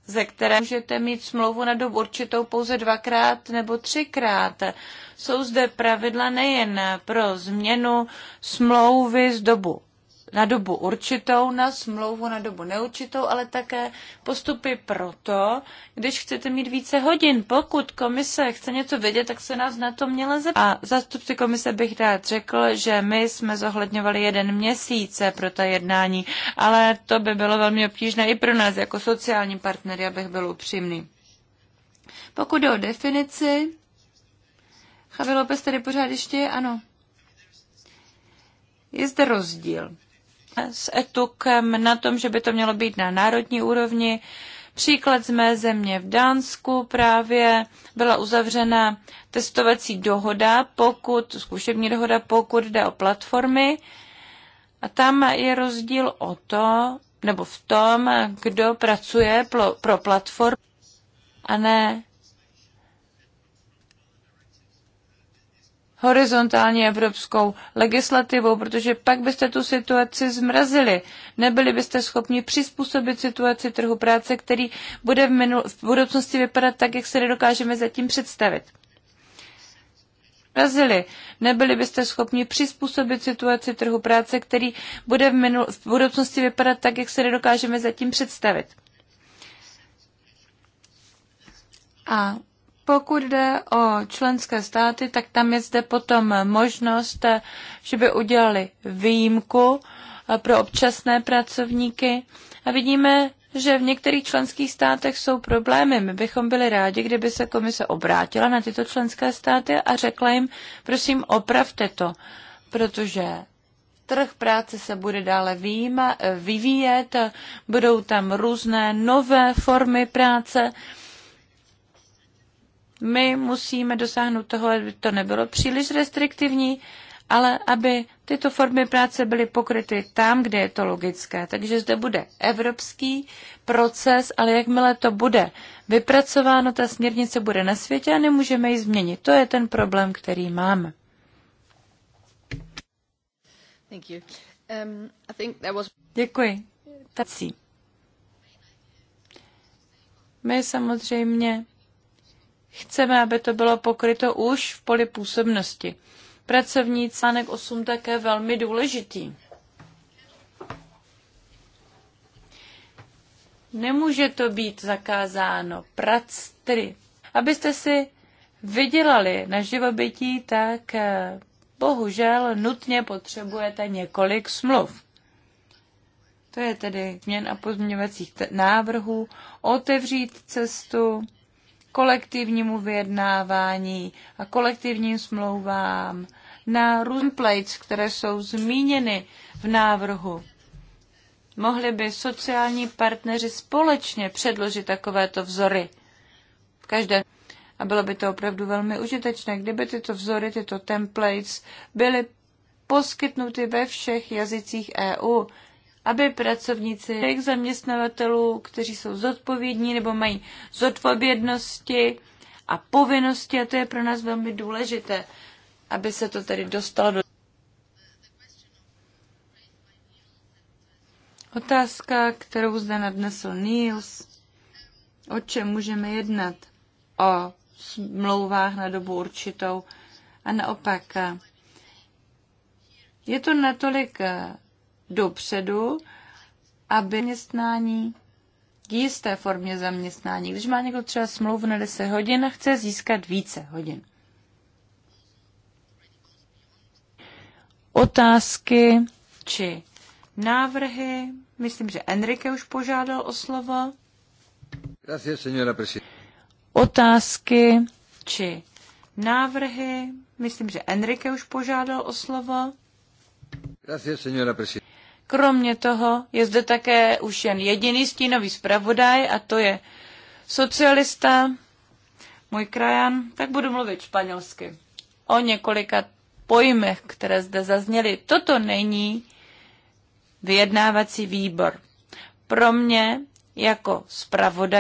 ze které můžete mít smlouvu na dobu určitou pouze dvakrát nebo třikrát. Jsou zde pravidla nejen pro změnu smlouvy z dobu na dobu určitou, na smlouvu na dobu neurčitou, ale také postupy proto, když chcete mít více hodin. Pokud komise chce něco vědět, tak se nás na to měla zeptat. A zastupci komise bych rád řekl, že my jsme zohledňovali jeden měsíc pro ta jednání, ale to by bylo velmi obtížné i pro nás jako sociální partnery, abych byl upřímný. Pokud jde o definici, Chavilopes tady pořád ještě je, ano. Je zde rozdíl s etukem na tom, že by to mělo být na národní úrovni. Příklad z mé země v Dánsku právě byla uzavřena testovací dohoda, pokud, zkušební dohoda, pokud jde o platformy. A tam je rozdíl o to, nebo v tom, kdo pracuje pro, pro a ne horizontální evropskou legislativou, protože pak byste tu situaci zmrazili. Nebyli byste schopni přizpůsobit situaci trhu práce, který bude v, minul- v budoucnosti vypadat tak, jak se nedokážeme zatím představit. Zmrazili, Nebyli byste schopni přizpůsobit situaci trhu práce, který bude v, minul- v budoucnosti vypadat tak, jak se nedokážeme zatím představit. A pokud jde o členské státy, tak tam je zde potom možnost, že by udělali výjimku pro občasné pracovníky. A vidíme, že v některých členských státech jsou problémy. My bychom byli rádi, kdyby se komise obrátila na tyto členské státy a řekla jim, prosím, opravte to, protože trh práce se bude dále výjima, vyvíjet, budou tam různé nové formy práce my musíme dosáhnout toho, aby to nebylo příliš restriktivní, ale aby tyto formy práce byly pokryty tam, kde je to logické. Takže zde bude evropský proces, ale jakmile to bude vypracováno, ta směrnice bude na světě a nemůžeme ji změnit. To je ten problém, který máme. Thank you. Um, I think that was... Děkuji. Tací. My samozřejmě Chceme, aby to bylo pokryto už v poli působnosti. Pracovní článek 8 také velmi důležitý. Nemůže to být zakázáno. Prac, tedy, abyste si vydělali na živobytí, tak eh, bohužel nutně potřebujete několik smluv. To je tedy změn a pozměňovacích návrhů. Otevřít cestu kolektivnímu vyjednávání a kolektivním smlouvám, na plates, které jsou zmíněny v návrhu. Mohli by sociální partneři společně předložit takovéto vzory v každém. A bylo by to opravdu velmi užitečné, kdyby tyto vzory, tyto templates byly poskytnuty ve všech jazycích EU, aby pracovníci těch zaměstnavatelů, kteří jsou zodpovědní nebo mají zodpovědnosti a povinnosti, a to je pro nás velmi důležité, aby se to tedy dostalo do. Otázka, kterou zde nadnesl Niels, o čem můžeme jednat? O smlouvách na dobu určitou a naopak. Eh, je to natolik eh, dopředu, aby městnání k jisté formě zaměstnání. Když má někdo třeba smlouvu na 10 hodin a chce získat více hodin. Otázky či návrhy. Myslím, že Enrique už požádal o slovo. Gracias, Otázky či návrhy. Myslím, že Enrique už požádal o slovo. Gracias, Kromě toho je zde také už jen jediný stínový zpravodaj a to je socialista, můj krajan, tak budu mluvit španělsky. O několika pojmech, které zde zazněly, toto není vyjednávací výbor. Pro mě jako zpravodaj